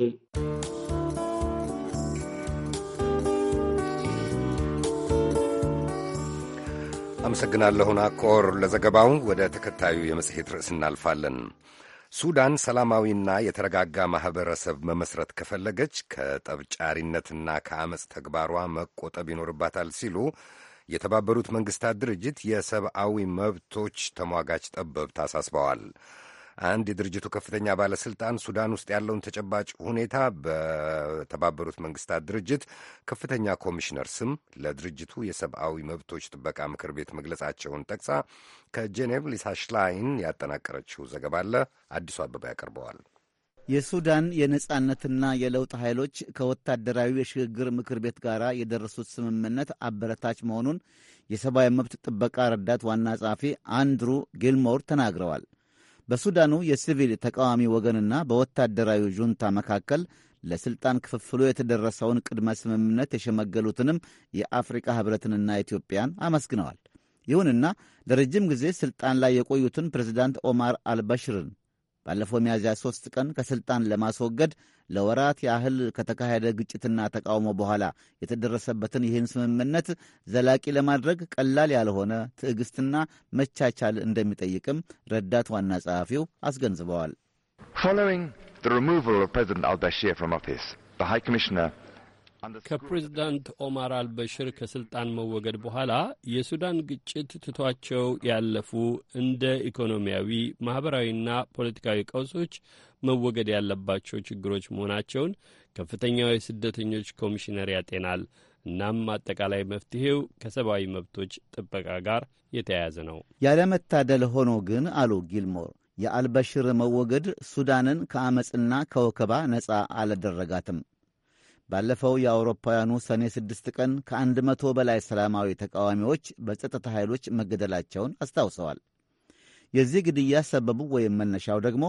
አመሰግናለሁን አኮር ለዘገባው። ወደ ተከታዩ የመጽሔት ርዕስ እናልፋለን። ሱዳን ሰላማዊና የተረጋጋ ማኅበረሰብ መመስረት ከፈለገች ከጠብጫሪነትና ከአመፅ ተግባሯ መቆጠብ ይኖርባታል ሲሉ የተባበሩት መንግሥታት ድርጅት የሰብአዊ መብቶች ተሟጋች ጠበብት አሳስበዋል። አንድ የድርጅቱ ከፍተኛ ባለስልጣን ሱዳን ውስጥ ያለውን ተጨባጭ ሁኔታ በተባበሩት መንግስታት ድርጅት ከፍተኛ ኮሚሽነር ስም ለድርጅቱ የሰብአዊ መብቶች ጥበቃ ምክር ቤት መግለጻቸውን ጠቅሳ ከጄኔቭ ሊሳ ሽላይን ያጠናቀረችው ዘገባ አለ አዲሱ አበባ ያቀርበዋል። የሱዳን የነጻነትና የለውጥ ኃይሎች ከወታደራዊ የሽግግር ምክር ቤት ጋር የደረሱት ስምምነት አበረታች መሆኑን የሰብአዊ መብት ጥበቃ ረዳት ዋና ጸሐፊ አንድሩ ጊልሞር ተናግረዋል። በሱዳኑ የሲቪል ተቃዋሚ ወገንና በወታደራዊ ጁንታ መካከል ለሥልጣን ክፍፍሉ የተደረሰውን ቅድመ ስምምነት የሸመገሉትንም የአፍሪቃ ኅብረትንና ኢትዮጵያን አመስግነዋል። ይሁንና ለረጅም ጊዜ ሥልጣን ላይ የቆዩትን ፕሬዚዳንት ኦማር አልበሽርን ባለፈው ሚያዝያ ሦስት ቀን ከሥልጣን ለማስወገድ ለወራት ያህል ከተካሄደ ግጭትና ተቃውሞ በኋላ የተደረሰበትን ይህን ስምምነት ዘላቂ ለማድረግ ቀላል ያልሆነ ትዕግስትና መቻቻል እንደሚጠይቅም ረዳት ዋና ጸሐፊው አስገንዝበዋል። ከፕሬዚዳንት ኦማር አልበሽር ከስልጣን መወገድ በኋላ የሱዳን ግጭት ትቷቸው ያለፉ እንደ ኢኮኖሚያዊ ማኅበራዊና ፖለቲካዊ ቀውሶች መወገድ ያለባቸው ችግሮች መሆናቸውን ከፍተኛው የስደተኞች ኮሚሽነር ያጤናል። እናም አጠቃላይ መፍትሔው ከሰብአዊ መብቶች ጥበቃ ጋር የተያያዘ ነው። ያለመታደል ሆኖ ግን አሉ ጊልሞር የአልበሽር መወገድ ሱዳንን ከአመፅና ከወከባ ነፃ አላደረጋትም። ባለፈው የአውሮፓውያኑ ሰኔ ስድስት ቀን ከአንድ መቶ በላይ ሰላማዊ ተቃዋሚዎች በጸጥታ ኃይሎች መገደላቸውን አስታውሰዋል። የዚህ ግድያ ሰበቡ ወይም መነሻው ደግሞ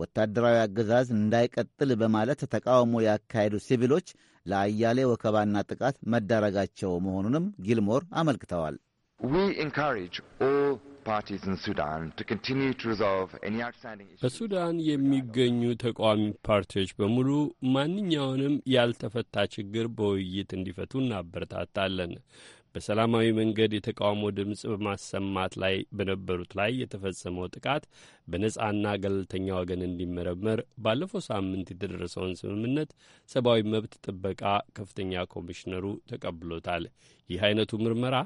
ወታደራዊ አገዛዝ እንዳይቀጥል በማለት ተቃውሞ ያካሄዱ ሲቪሎች ለአያሌ ወከባና ጥቃት መዳረጋቸው መሆኑንም ጊልሞር አመልክተዋል። በሱዳን የሚገኙ ተቃዋሚ ፓርቲዎች በሙሉ ማንኛውንም ያልተፈታ ችግር በውይይት እንዲፈቱ እናበረታታለን። በሰላማዊ መንገድ የተቃውሞ ድምፅ በማሰማት ላይ በነበሩት ላይ የተፈጸመው ጥቃት በነጻና ገለልተኛ ወገን እንዲመረመር ባለፈው ሳምንት የተደረሰውን ስምምነት ሰብአዊ መብት ጥበቃ ከፍተኛ ኮሚሽነሩ ተቀብሎታል። ይህ አይነቱ ምርመራ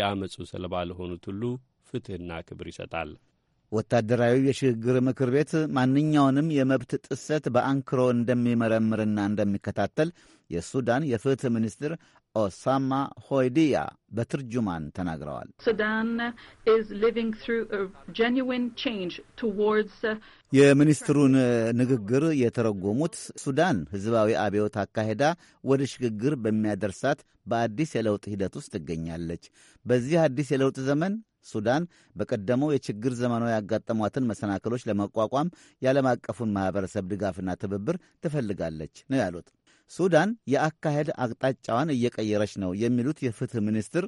የአመፁ ሰለባ ለሆኑት ሁሉ ፍትሕና ክብር ይሰጣል። ወታደራዊ የሽግግር ምክር ቤት ማንኛውንም የመብት ጥሰት በአንክሮ እንደሚመረምርና እንደሚከታተል የሱዳን የፍትህ ሚኒስትር ኦሳማ ሆይዲያ በትርጁማን ተናግረዋል። uh, የሚኒስትሩን ንግግር የተረጎሙት ሱዳን ሕዝባዊ አብዮት አካሄዳ ወደ ሽግግር በሚያደርሳት በአዲስ የለውጥ ሂደት ውስጥ ትገኛለች። በዚህ አዲስ የለውጥ ዘመን ሱዳን በቀደመው የችግር ዘመኗ ያጋጠሟትን መሰናክሎች ለመቋቋም የዓለም አቀፉን ማኅበረሰብ ድጋፍና ትብብር ትፈልጋለች ነው ያሉት። ሱዳን የአካሄድ አቅጣጫዋን እየቀየረች ነው የሚሉት የፍትሕ ሚኒስትር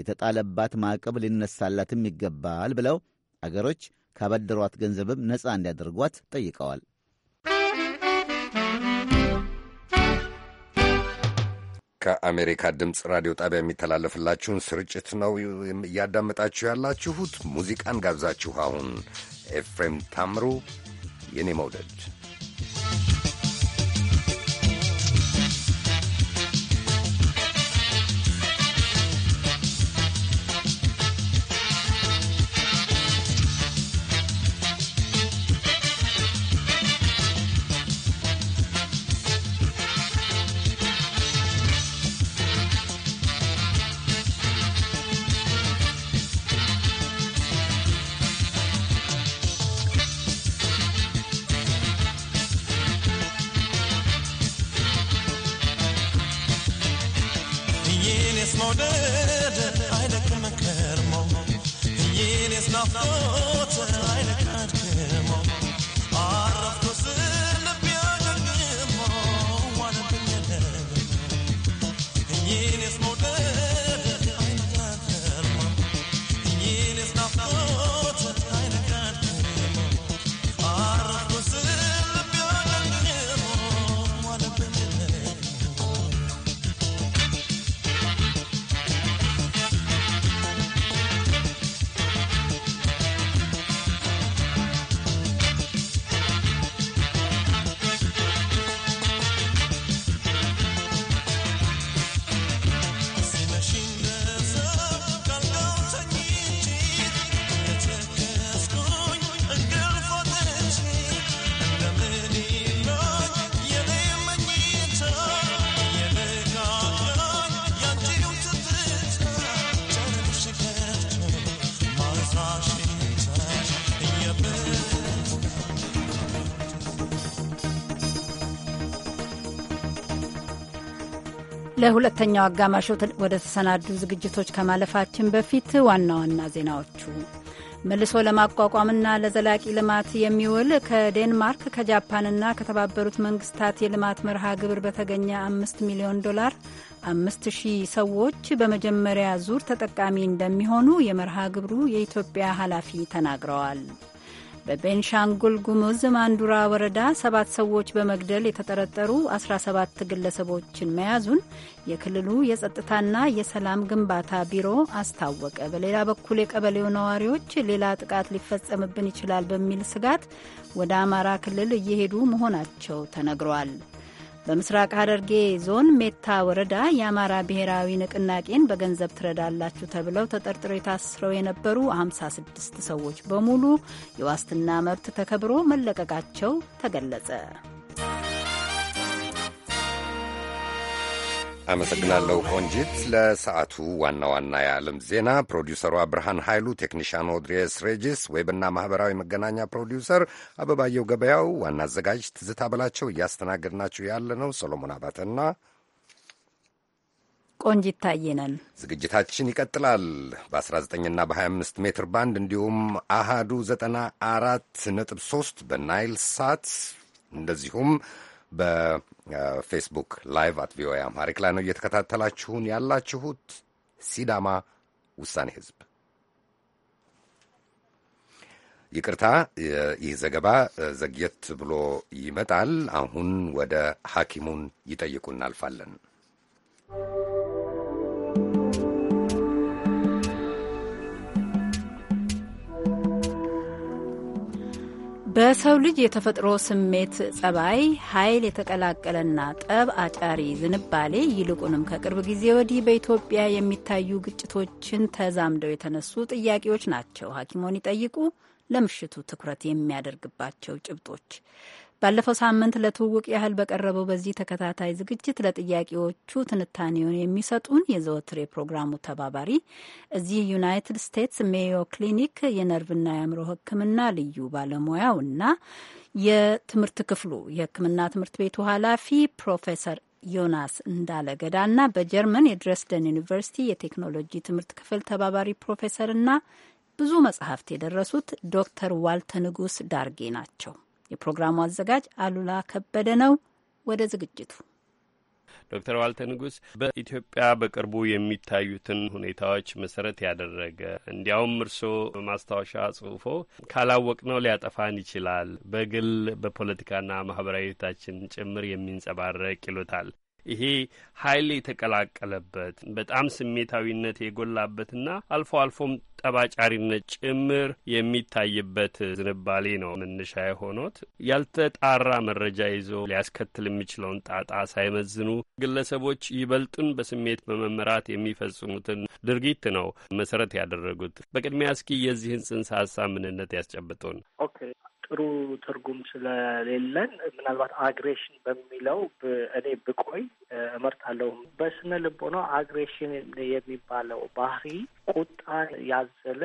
የተጣለባት ማዕቀብ ሊነሳላትም ይገባል ብለው አገሮች ካበደሯት ገንዘብም ነፃ እንዲያደርጓት ጠይቀዋል። ከአሜሪካ ድምፅ ራዲዮ ጣቢያ የሚተላለፍላችሁን ስርጭት ነው እያዳመጣችሁ ያላችሁት። ሙዚቃን ጋብዛችሁ አሁን ኤፍሬም ታምሩ የኔ መውደድ ለሁለተኛው አጋማሽ ወደ ተሰናዱ ዝግጅቶች ከማለፋችን በፊት ዋና ዋና ዜናዎቹ መልሶ ለማቋቋምና ለዘላቂ ልማት የሚውል ከዴንማርክ ከጃፓንና ከተባበሩት መንግስታት የልማት መርሃ ግብር በተገኘ አምስት ሚሊዮን ዶላር አምስት ሺህ ሰዎች በመጀመሪያ ዙር ተጠቃሚ እንደሚሆኑ የመርሃ ግብሩ የኢትዮጵያ ኃላፊ ተናግረዋል። በቤንሻንጉል ጉሙዝ ማንዱራ ወረዳ ሰባት ሰዎች በመግደል የተጠረጠሩ 17 ግለሰቦችን መያዙን የክልሉ የጸጥታና የሰላም ግንባታ ቢሮ አስታወቀ። በሌላ በኩል የቀበሌው ነዋሪዎች ሌላ ጥቃት ሊፈጸምብን ይችላል በሚል ስጋት ወደ አማራ ክልል እየሄዱ መሆናቸው ተነግሯል። በምስራቅ ሐረርጌ ዞን ሜታ ወረዳ የአማራ ብሔራዊ ንቅናቄን በገንዘብ ትረዳላችሁ ተብለው ተጠርጥረው የታስረው የነበሩ 56 ሰዎች በሙሉ የዋስትና መብት ተከብሮ መለቀቃቸው ተገለጸ። አመሰግናለሁ ቆንጂት። ለሰዓቱ ዋና ዋና የዓለም ዜና ፕሮዲውሰሯ ብርሃን ኃይሉ፣ ቴክኒሻን ኦድሬስ ሬጅስ፣ ዌብና ማኅበራዊ መገናኛ ፕሮዲውሰር አበባየው ገበያው፣ ዋና አዘጋጅ ትዝታ በላቸው። እያስተናገድናችሁ ያለ ነው ሰሎሞን አባተና ቆንጂት ታየናል። ዝግጅታችን ይቀጥላል። በ19ና በ25 ሜትር ባንድ እንዲሁም አሃዱ 94 ነጥብ 3 በናይል ሳት እንደዚሁም በ ፌስቡክ ላይቭ አት ቪኦኤ አማሪክ ላይ ነው እየተከታተላችሁን ያላችሁት። ሲዳማ ውሳኔ ህዝብ ይቅርታ፣ ይህ ዘገባ ዘግየት ብሎ ይመጣል። አሁን ወደ ሐኪሙን ይጠይቁ እናልፋለን። በሰው ልጅ የተፈጥሮ ስሜት ጸባይ ኃይል የተቀላቀለና ጠብ አጫሪ ዝንባሌ ይልቁንም ከቅርብ ጊዜ ወዲህ በኢትዮጵያ የሚታዩ ግጭቶችን ተዛምደው የተነሱ ጥያቄዎች ናቸው ሐኪሞን ይጠይቁ ለምሽቱ ትኩረት የሚያደርግባቸው ጭብጦች ባለፈው ሳምንት ለትውውቅ ያህል በቀረበው በዚህ ተከታታይ ዝግጅት ለጥያቄዎቹ ትንታኔውን የሚሰጡን የዘወትር የፕሮግራሙ ተባባሪ እዚህ ዩናይትድ ስቴትስ ሜዮ ክሊኒክ የነርቭና የአእምሮ ሕክምና ልዩ ባለሙያው እና የትምህርት ክፍሉ የሕክምና ትምህርት ቤቱ ኃላፊ ፕሮፌሰር ዮናስ እንዳለ ገዳ እና በጀርመን የድረስደን ዩኒቨርሲቲ የቴክኖሎጂ ትምህርት ክፍል ተባባሪ ፕሮፌሰርና ብዙ መጽሐፍት የደረሱት ዶክተር ዋልተ ንጉስ ዳርጌ ናቸው። የፕሮግራሙ አዘጋጅ አሉላ ከበደ ነው። ወደ ዝግጅቱ ዶክተር ዋልተ ንጉስ በኢትዮጵያ በቅርቡ የሚታዩትን ሁኔታዎች መሰረት ያደረገ እንዲያውም እርስዎ በማስታወሻ ጽሁፎ ካላወቅ ነው ሊያጠፋን ይችላል፣ በግል በፖለቲካና ማህበራዊ ህይወታችን ጭምር የሚንጸባረቅ ይሉታል። ይሄ ኃይል የተቀላቀለበት በጣም ስሜታዊነት የጎላበትና አልፎ አልፎም ጠባጫሪነት ጭምር የሚታይበት ዝንባሌ ነው መነሻ የሆኖት ያልተጣራ መረጃ ይዞ ሊያስከትል የሚችለውን ጣጣ ሳይመዝኑ ግለሰቦች ይበልጡን በስሜት በመመራት የሚፈጽሙትን ድርጊት ነው መሰረት ያደረጉት። በቅድሚያ እስኪ የዚህን ጽንሰ ሀሳብ ምንነት ያስጨብጡን። ኦኬ ጥሩ ትርጉም ስለሌለን ምናልባት አግሬሽን በሚለው እኔ ብቆይ እመርጣለሁ። በስነ ልቦና አግሬሽን የሚባለው ባህሪ ቁጣ ያዘለ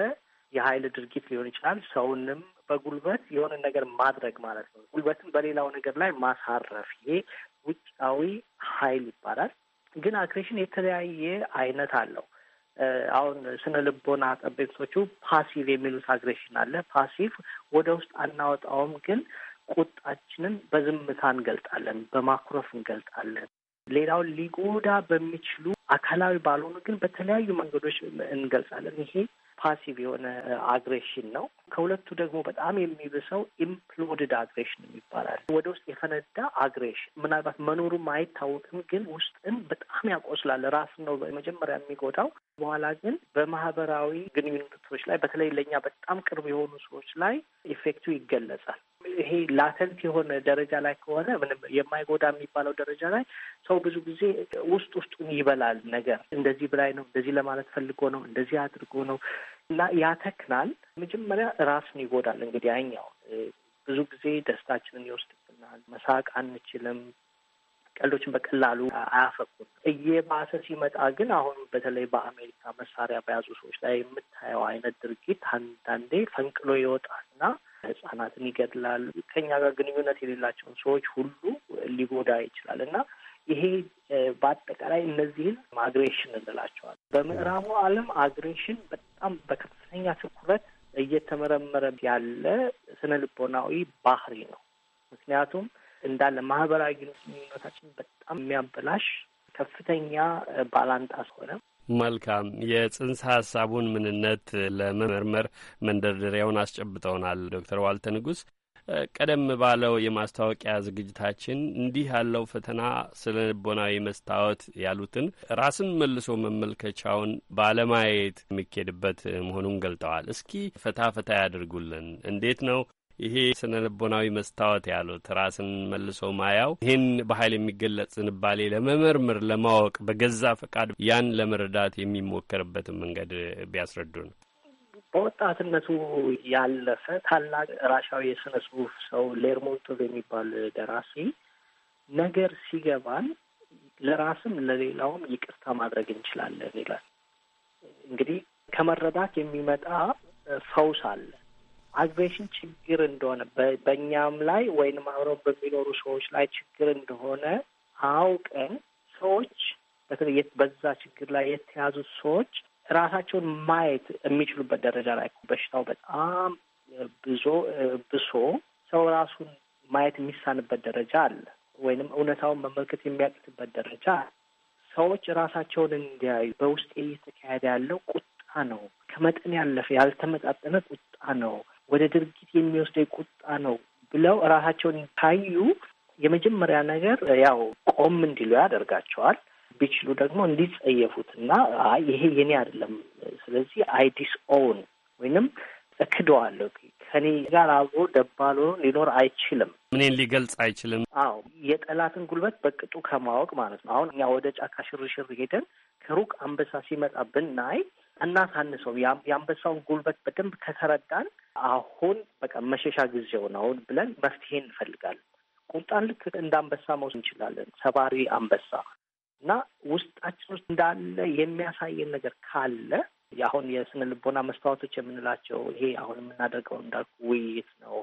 የኃይል ድርጊት ሊሆን ይችላል። ሰውንም በጉልበት የሆነ ነገር ማድረግ ማለት ነው። ጉልበትን በሌላው ነገር ላይ ማሳረፍ፣ ይሄ ውጫዊ ኃይል ይባላል። ግን አግሬሽን የተለያየ አይነት አለው። አሁን ስነ ልቦና ጠበብቶቹ ፓሲቭ የሚሉት አግሬሽን አለ። ፓሲቭ ወደ ውስጥ አናወጣውም፣ ግን ቁጣችንን በዝምታ እንገልጣለን፣ በማኩረፍ እንገልጣለን። ሌላውን ሊጎዳ በሚችሉ አካላዊ ባልሆኑ ግን በተለያዩ መንገዶች እንገልጻለን። ይሄ ፓሲቭ የሆነ አግሬሽን ነው። ከሁለቱ ደግሞ በጣም የሚብሰው ኢምፕሎድድ አግሬሽን ይባላል። ወደ ውስጥ የፈነዳ አግሬሽን ምናልባት መኖሩም አይታወቅም፣ ግን ውስጥን በጣም ያቆስላል። ራስን ነው መጀመሪያ የሚጎዳው። በኋላ ግን በማህበራዊ ግንኙነቶች ላይ በተለይ ለእኛ በጣም ቅርብ የሆኑ ሰዎች ላይ ኢፌክቱ ይገለጻል። ይሄ ላተንት የሆነ ደረጃ ላይ ከሆነ ምንም የማይጎዳ የሚባለው ደረጃ ላይ ሰው ብዙ ጊዜ ውስጥ ውስጡን ይበላል ነገር እንደዚህ ብላይ ነው እንደዚህ ለማለት ፈልጎ ነው እንደዚህ አድርጎ ነው እና ያተክናል። መጀመሪያ ራስን ይጎዳል። እንግዲህ ያኛው ብዙ ጊዜ ደስታችንን ይወስድብናል። መሳቅ አንችልም። ቀልዶችን በቀላሉ አያፈቁም። እየባሰ ሲመጣ ግን አሁን በተለይ በአሜሪካ መሳሪያ በያዙ ሰዎች ላይ የምታየው አይነት ድርጊት አንዳንዴ ፈንቅሎ ይወጣል እና ህጻናትን ይገድላል። ከኛ ጋር ግንኙነት የሌላቸውን ሰዎች ሁሉ ሊጎዳ ይችላል እና ይሄ በአጠቃላይ እነዚህን አግሬሽን እንላቸዋል። በምዕራቡ ዓለም አግሬሽን በጣም በከፍተኛ ትኩረት እየተመረመረ ያለ ስነ ልቦናዊ ባህሪ ነው። ምክንያቱም እንዳለ ማህበራዊ ግንኙነታችን በጣም የሚያበላሽ ከፍተኛ ባላንጣ ሆነ መልካም የጽንሰ ሀሳቡን ምንነት ለመመርመር መንደርደሪያውን አስጨብጠውናል ዶክተር ዋልተ ንጉስ። ቀደም ባለው የማስታወቂያ ዝግጅታችን እንዲህ ያለው ፈተና ስለ ልቦናዊ መስታወት ያሉትን ራስን መልሶ መመልከቻውን ባለማየት የሚኬድበት መሆኑን ገልጠዋል። እስኪ ፈታ ፈታ ያደርጉልን። እንዴት ነው ይሄ ስነ ልቦናዊ መስታወት ያሉት ራስን መልሶ ማያው ይህን በኃይል የሚገለጽ ዝንባሌ ለመመርመር ለማወቅ በገዛ ፈቃድ ያን ለመረዳት የሚሞከርበትን መንገድ ቢያስረዱ ነው። በወጣትነቱ ያለፈ ታላቅ ራሻዊ የስነ ጽሁፍ ሰው ሌርሞንቶቭ የሚባል ደራሲ ነገር ሲገባን ለራስም ለሌላውም ይቅርታ ማድረግ እንችላለን ይላል። እንግዲህ ከመረዳት የሚመጣ ፈውስ አለ። አግሬሽን ችግር እንደሆነ በእኛም ላይ ወይንም አብረው በሚኖሩ ሰዎች ላይ ችግር እንደሆነ አውቀን ሰዎች በተለይ በዛ ችግር ላይ የተያዙ ሰዎች ራሳቸውን ማየት የሚችሉበት ደረጃ ላይ በሽታው በጣም ብዞ ብሶ ሰው ራሱን ማየት የሚሳንበት ደረጃ አለ፣ ወይንም እውነታውን መመልከት የሚያቅትበት ደረጃ ሰዎች ራሳቸውን እንዲያዩ በውስጤ እየተካሄደ ያለው ቁጣ ነው፣ ከመጠን ያለፈ ያልተመጣጠነ ቁጣ ነው፣ ወደ ድርጊት የሚወስደ ቁጣ ነው ብለው ራሳቸውን ካዩ የመጀመሪያ ነገር ያው ቆም እንዲሉ ያደርጋቸዋል። ቢችሉ ደግሞ እንዲጸየፉት እና ይሄ የኔ አይደለም፣ ስለዚህ አይ ዲስ ኦውን ወይንም እክደዋለሁ ከኔ ጋር አብሮ ደባሎ ሊኖር አይችልም፣ ምኔን ሊገልጽ አይችልም። አዎ የጠላትን ጉልበት በቅጡ ከማወቅ ማለት ነው። አሁን እኛ ወደ ጫካ ሽርሽር ሄደን ከሩቅ አንበሳ ሲመጣ ብናይ እናሳንሰው። የአንበሳውን ጉልበት በደንብ ከተረዳን አሁን በቃ መሸሻ ጊዜው ነው ብለን መፍትሄ እንፈልጋለን። ቁጣን ልክ እንደ አንበሳ መውሰድ እንችላለን። ሰባሪ አንበሳ እና ውስጣችን ውስጥ እንዳለ የሚያሳየን ነገር ካለ አሁን የስነ ልቦና መስታወቶች የምንላቸው ይሄ አሁን የምናደርገው እንዳልኩ ውይይት ነው።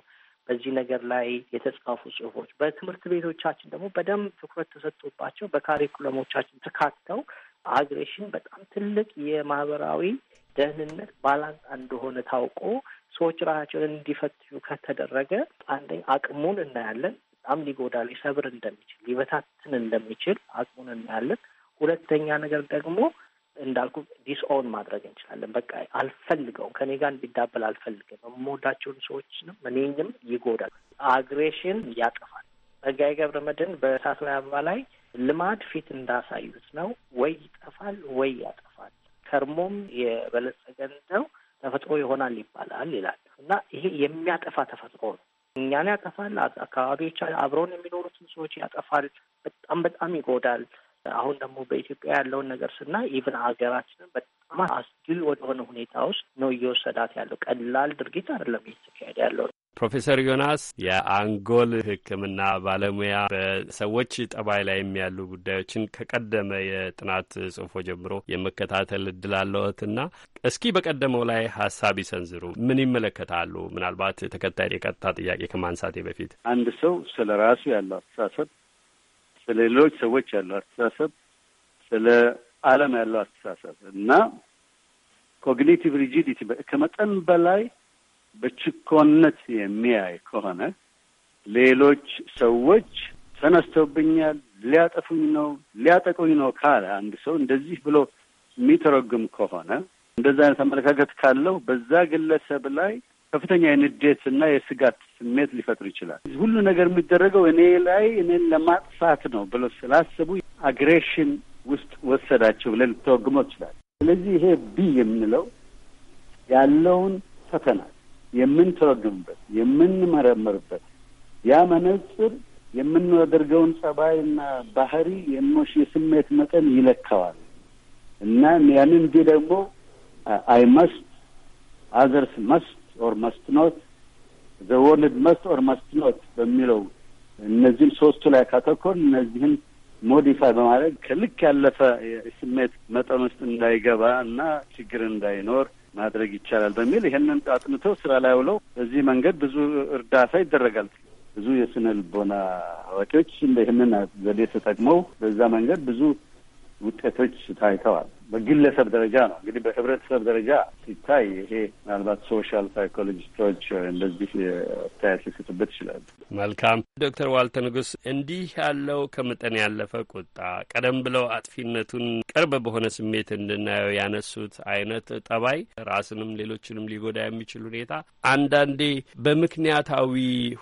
በዚህ ነገር ላይ የተጻፉ ጽሁፎች በትምህርት ቤቶቻችን ደግሞ በደንብ ትኩረት ተሰጥቶባቸው በካሪኩለሞቻችን ተካተው አግሬሽን በጣም ትልቅ የማህበራዊ ደህንነት ባላንስ እንደሆነ ታውቆ ሰዎች ራሳቸውን እንዲፈትሹ ከተደረገ አንደኛ አቅሙን እናያለን። በጣም ሊጎዳ ሊሰብር እንደሚችል ሊበታትን እንደሚችል አቅሙን እናያለን። ሁለተኛ ነገር ደግሞ እንዳልኩ ዲስኦን ማድረግ እንችላለን። በቃ አልፈልገውም፣ ከኔ ጋር እንዲዳበል አልፈልግም። የምወዳቸውን ሰዎችንም እኔንም ይጎዳል። አግሬሽን ያጠፋል። ጸጋዬ ገብረ መድኅን በእሳት ላይ አበባ ላይ ልማድ ፊት እንዳሳዩት ነው ወይ ይጠፋል ወይ ያጠፋል። ከርሞም የበለጸገን ነው ተፈጥሮ ይሆናል ይባላል ይላል እና ይሄ የሚያጠፋ ተፈጥሮ ነው። እኛን ያጠፋል፣ አካባቢዎች አብረውን የሚኖሩትን ሰዎች ያጠፋል። በጣም በጣም ይጎዳል። አሁን ደግሞ በኢትዮጵያ ያለውን ነገር ስናይ ኢቭን ሀገራችንን በጣም አስጊ ወደሆነ ሁኔታ ውስጥ ነው እየወሰዳት ያለው። ቀላል ድርጊት አይደለም እየተካሄደ ያለው። ፕሮፌሰር ዮናስ የአንጎል ሕክምና ባለሙያ በሰዎች ጠባይ ላይም ያሉ ጉዳዮችን ከቀደመ የጥናት ጽሁፎ ጀምሮ የመከታተል እድል አለዎትና እስኪ በቀደመው ላይ ሀሳብ ይሰንዝሩ። ምን ይመለከታሉ? ምናልባት ተከታይ የቀጥታ ጥያቄ ከማንሳቴ በፊት አንድ ሰው ስለ ራሱ ያለው አስተሳሰብ፣ ስለ ሌሎች ሰዎች ያለው አስተሳሰብ፣ ስለ ዓለም ያለው አስተሳሰብ እና ኮግኒቲቭ ሪጂዲቲ ከመጠን በላይ በችኮነት የሚያይ ከሆነ ሌሎች ሰዎች ተነስተውብኛል፣ ሊያጠፉኝ ነው፣ ሊያጠቁኝ ነው ካለ አንድ ሰው እንደዚህ ብሎ የሚተረጉም ከሆነ እንደዚ አይነት አመለካከት ካለው በዛ ግለሰብ ላይ ከፍተኛ የንዴት እና የስጋት ስሜት ሊፈጥር ይችላል። ሁሉ ነገር የሚደረገው እኔ ላይ እኔን ለማጥፋት ነው ብሎ ስላሰቡ አግሬሽን ውስጥ ወሰዳቸው ብለን ልተወግሞ ይችላል። ስለዚህ ይሄ ቢ የምንለው ያለውን ፈተና የምንተረጉምበት፣ የምንመረምርበት ያ መነጽር የምናደርገውን ጸባይና ባህሪ የሞሽ የስሜት መጠን ይለካዋል እና ያንን እንጂ ደግሞ አይ መስት አዘርስ መስት ኦር መስት ኖት ዘ ወርልድ መስት ኦር መስት ኖት በሚለው እነዚህም ሶስቱ ላይ ካተኮን እነዚህን ሞዲፋይ በማድረግ ከልክ ያለፈ የስሜት መጠን ውስጥ እንዳይገባ እና ችግር እንዳይኖር ማድረግ ይቻላል በሚል ይህንን አጥንተው ስራ ላይ ውለው በዚህ መንገድ ብዙ እርዳታ ይደረጋል። ብዙ የስነ ልቦና አዋቂዎች ይህንን ዘዴ ተጠቅመው በዛ መንገድ ብዙ ውጤቶች ታይተዋል። በግለሰብ ደረጃ ነው። እንግዲህ በህብረተሰብ ደረጃ ሲታይ ይሄ ምናልባት ሶሻል ሳይኮሎጂስቶች እንደዚህ አስተያየት ሊሰጡበት ይችላሉ። መልካም ዶክተር ዋልተ ንጉስ፣ እንዲህ ያለው ከመጠን ያለፈ ቁጣ ቀደም ብለው አጥፊነቱን ቅርብ በሆነ ስሜት እንድናየው ያነሱት አይነት ጠባይ ራስንም ሌሎችንም ሊጎዳ የሚችል ሁኔታ አንዳንዴ በምክንያታዊ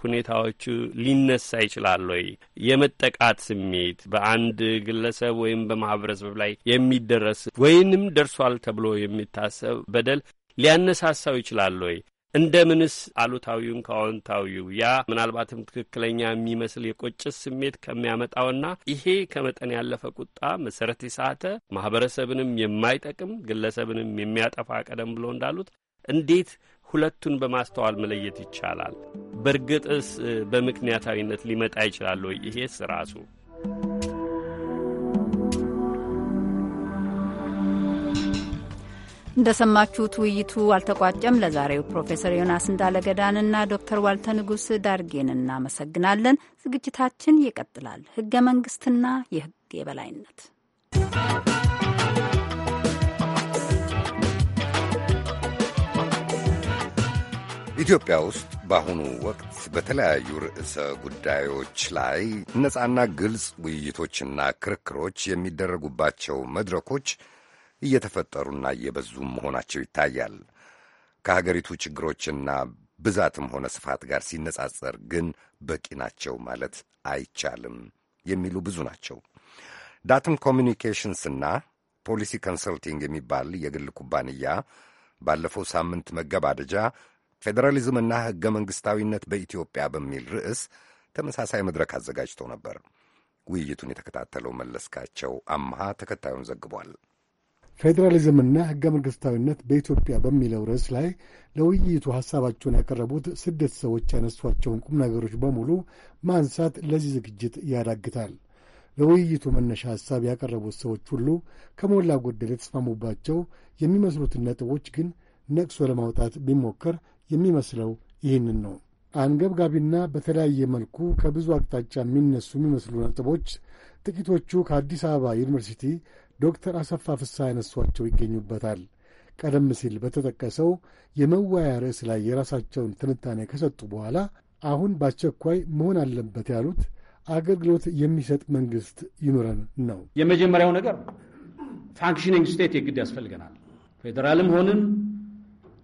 ሁኔታዎቹ ሊነሳ ይችላል ወይ? የመጠቃት ስሜት በአንድ ግለሰብ ወይም በማህበረሰብ ላይ የሚደረስ ወይንም ደርሷል ተብሎ የሚታሰብ በደል ሊያነሳሳው ይችላል ወይ? እንደምንስ አሉታዊውን ከአዎንታዊው ያ ምናልባትም ትክክለኛ የሚመስል የቆጭስ ስሜት ከሚያመጣውና ይሄ ከመጠን ያለፈ ቁጣ መሰረት የሳተ ማህበረሰብንም የማይጠቅም ግለሰብንም የሚያጠፋ ቀደም ብሎ እንዳሉት እንዴት ሁለቱን በማስተዋል መለየት ይቻላል? በእርግጥስ በምክንያታዊነት ሊመጣ ይችላል ወይ? ይሄስ ራሱ እንደሰማችሁት ውይይቱ አልተቋጨም። ለዛሬው ፕሮፌሰር ዮናስ እንዳለገዳንና ዶክተር ዋልተ ንጉስ ዳርጌን እናመሰግናለን። ዝግጅታችን ይቀጥላል። ህገ መንግስትና የህግ የበላይነት ኢትዮጵያ ውስጥ በአሁኑ ወቅት በተለያዩ ርዕሰ ጉዳዮች ላይ ነፃና ግልጽ ውይይቶችና ክርክሮች የሚደረጉባቸው መድረኮች እየተፈጠሩና እየበዙም መሆናቸው ይታያል። ከሀገሪቱ ችግሮችና ብዛትም ሆነ ስፋት ጋር ሲነጻጸር ግን በቂ ናቸው ማለት አይቻልም የሚሉ ብዙ ናቸው። ዳትም ኮሚኒኬሽንስና ፖሊሲ ኮንሰልቲንግ የሚባል የግል ኩባንያ ባለፈው ሳምንት መገባደጃ ፌዴራሊዝምና ሕገ መንግሥታዊነት በኢትዮጵያ በሚል ርዕስ ተመሳሳይ መድረክ አዘጋጅቶ ነበር። ውይይቱን የተከታተለው መለስካቸው አምሃ ተከታዩን ዘግቧል። ፌዴራሊዝምና ህገ መንግሥታዊነት በኢትዮጵያ በሚለው ርዕስ ላይ ለውይይቱ ሐሳባቸውን ያቀረቡት ስደት ሰዎች ያነሷቸውን ቁም ነገሮች በሙሉ ማንሳት ለዚህ ዝግጅት ያዳግታል። ለውይይቱ መነሻ ሐሳብ ያቀረቡት ሰዎች ሁሉ ከሞላ ጎደል የተስማሙባቸው የሚመስሉትን ነጥቦች ግን ነቅሶ ለማውጣት ቢሞከር የሚመስለው ይህንን ነው። አንገብጋቢና በተለያየ መልኩ ከብዙ አቅጣጫ የሚነሱ የሚመስሉ ነጥቦች ጥቂቶቹ ከአዲስ አበባ ዩኒቨርሲቲ ዶክተር አሰፋ ፍሳ ያነሷቸው ይገኙበታል። ቀደም ሲል በተጠቀሰው የመወያያ ርዕስ ላይ የራሳቸውን ትንታኔ ከሰጡ በኋላ አሁን በአስቸኳይ መሆን አለበት ያሉት አገልግሎት የሚሰጥ መንግስት ይኑረን ነው። የመጀመሪያው ነገር ፋንክሽኒንግ ስቴት የግድ ያስፈልገናል። ፌዴራልም ሆንን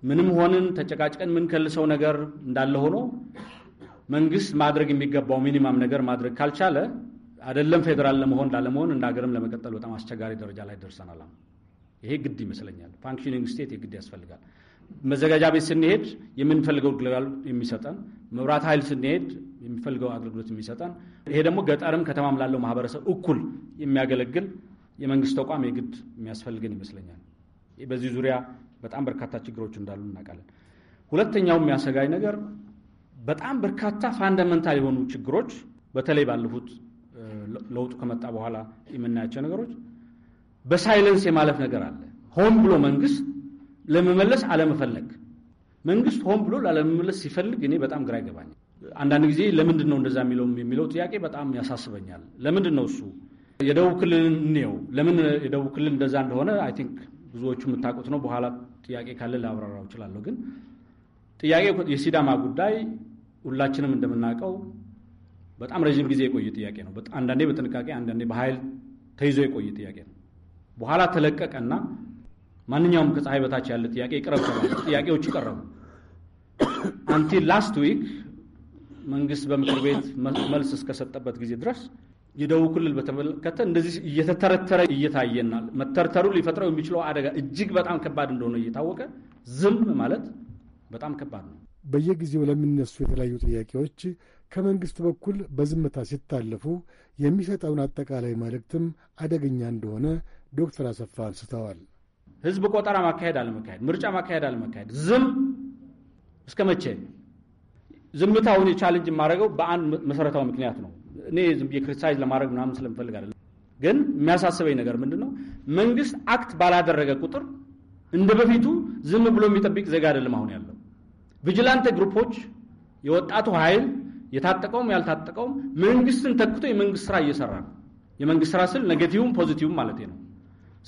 ምንም ሆንን ተጨቃጭቀን የምንከልሰው ነገር እንዳለ ሆኖ መንግስት ማድረግ የሚገባው ሚኒማም ነገር ማድረግ ካልቻለ አይደለም ፌዴራል ለመሆን ላለመሆን እንደ ሀገርም ለመቀጠል በጣም አስቸጋሪ ደረጃ ላይ ደርሰናል። ይሄ ግድ ይመስለኛል። ፋንክሽኒንግ ስቴት የግድ ያስፈልጋል። መዘጋጃ ቤት ስንሄድ የምንፈልገው ግልጋሎት የሚሰጠን፣ መብራት ኃይል ስንሄድ የሚፈልገው አገልግሎት የሚሰጠን፣ ይሄ ደግሞ ገጠርም ከተማም ላለው ማህበረሰብ እኩል የሚያገለግል የመንግስት ተቋም የግድ የሚያስፈልገን ይመስለኛል። በዚህ ዙሪያ በጣም በርካታ ችግሮች እንዳሉ እናውቃለን። ሁለተኛው የሚያሰጋኝ ነገር በጣም በርካታ ፋንዳመንታል የሆኑ ችግሮች በተለይ ባለፉት ለውጡ ከመጣ በኋላ የምናያቸው ነገሮች በሳይለንስ የማለፍ ነገር አለ። ሆን ብሎ መንግስት ለመመለስ አለመፈለግ፣ መንግስት ሆን ብሎ ላለመመለስ ሲፈልግ እኔ በጣም ግራ ይገባኛል። አንዳንድ ጊዜ ለምንድን ነው እንደዛ የሚለው የሚለው ጥያቄ በጣም ያሳስበኛል። ለምንድን ነው እሱ የደቡብ ክልል እንየው። ለምን የደቡብ ክልል እንደዛ እንደሆነ አይ ቲንክ ብዙዎቹ የምታውቁት ነው። በኋላ ጥያቄ ካለ ላብራራው እችላለሁ። ግን ጥያቄ የሲዳማ ጉዳይ ሁላችንም እንደምናውቀው በጣም ረዥም ጊዜ የቆየ ጥያቄ ነው። አንዳንዴ በጥንቃቄ አንዳንዴ በኃይል ተይዞ የቆየ ጥያቄ ነው። በኋላ ተለቀቀና ማንኛውም ከፀሐይ በታች ያለ ጥያቄ ይቅረብ ተባለ። ጥያቄዎቹ ቀረቡ። አንቲል ላስት ዊክ መንግስት በምክር ቤት መልስ እስከሰጠበት ጊዜ ድረስ የደቡብ ክልል በተመለከተ እንደዚህ እየተተረተረ እየታየና መተርተሩ ሊፈጥረው የሚችለው አደጋ እጅግ በጣም ከባድ እንደሆነ እየታወቀ ዝም ማለት በጣም ከባድ ነው። በየጊዜው ለሚነሱ የተለያዩ ጥያቄዎች ከመንግሥት በኩል በዝምታ ሲታለፉ የሚሰጠውን አጠቃላይ መልእክትም አደገኛ እንደሆነ ዶክተር አሰፋ አንስተዋል። ህዝብ ቆጠራ ማካሄድ አለመካሄድ፣ ምርጫ ማካሄድ አለመካሄድ፣ ዝም እስከ መቼ? ዝምታውን ቻለንጅ የማደርገው በአንድ መሰረታዊ ምክንያት ነው። እኔ ዝም ብዬ ክሪቲሳይዝ ለማድረግ ምናምን ስለምፈልግ አይደለም። ግን የሚያሳስበኝ ነገር ምንድን ነው? መንግስት አክት ባላደረገ ቁጥር እንደ በፊቱ ዝም ብሎ የሚጠብቅ ዜጋ አይደለም። አሁን ያለው ቪጅላንቴ ግሩፖች የወጣቱ ኃይል የታጠቀውም ያልታጠቀውም መንግስትን ተክቶ የመንግስት ስራ እየሰራ ነው። የመንግስት ስራ ስል ነገቲቭም ፖዚቲቭም ማለት ነው።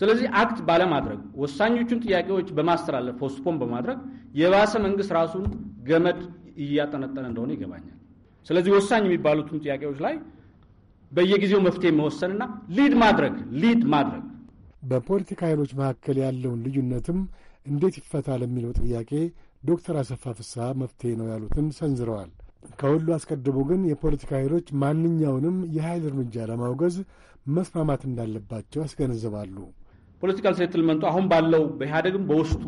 ስለዚህ አክት ባለማድረግ ወሳኞቹን ጥያቄዎች በማስተላለፍ ፖስትፖን በማድረግ የባሰ መንግስት ራሱን ገመድ እያጠነጠነ እንደሆነ ይገባኛል። ስለዚህ ወሳኝ የሚባሉትን ጥያቄዎች ላይ በየጊዜው መፍትሄ መወሰንና ሊድ ማድረግ ሊድ ማድረግ በፖለቲካ ኃይሎች መካከል ያለውን ልዩነትም እንዴት ይፈታል የሚለው ጥያቄ ዶክተር አሰፋ ፍስሐ መፍትሄ ነው ያሉትን ሰንዝረዋል። ከሁሉ አስቀድሞ ግን የፖለቲካ ኃይሎች ማንኛውንም የኃይል እርምጃ ለማውገዝ መስማማት እንዳለባቸው ያስገነዝባሉ። ፖለቲካል ሴትልመንቱ አሁን ባለው በኢህአደግም በውስጡ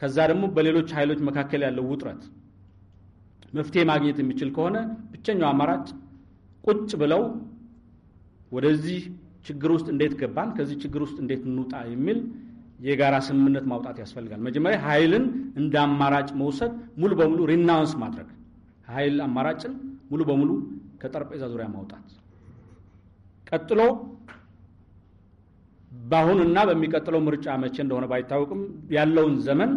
ከዛ ደግሞ በሌሎች ኃይሎች መካከል ያለው ውጥረት መፍትሄ ማግኘት የሚችል ከሆነ ብቸኛው አማራጭ ቁጭ ብለው ወደዚህ ችግር ውስጥ እንዴት ገባን፣ ከዚህ ችግር ውስጥ እንዴት እንውጣ የሚል የጋራ ስምምነት ማውጣት ያስፈልጋል። መጀመሪያ ኃይልን እንደ አማራጭ መውሰድ ሙሉ በሙሉ ሪናውንስ ማድረግ ኃይል አማራጭን ሙሉ በሙሉ ከጠረጴዛ ዙሪያ ማውጣት፣ ቀጥሎ በአሁንና በሚቀጥለው ምርጫ መቼ እንደሆነ ባይታወቅም ያለውን ዘመን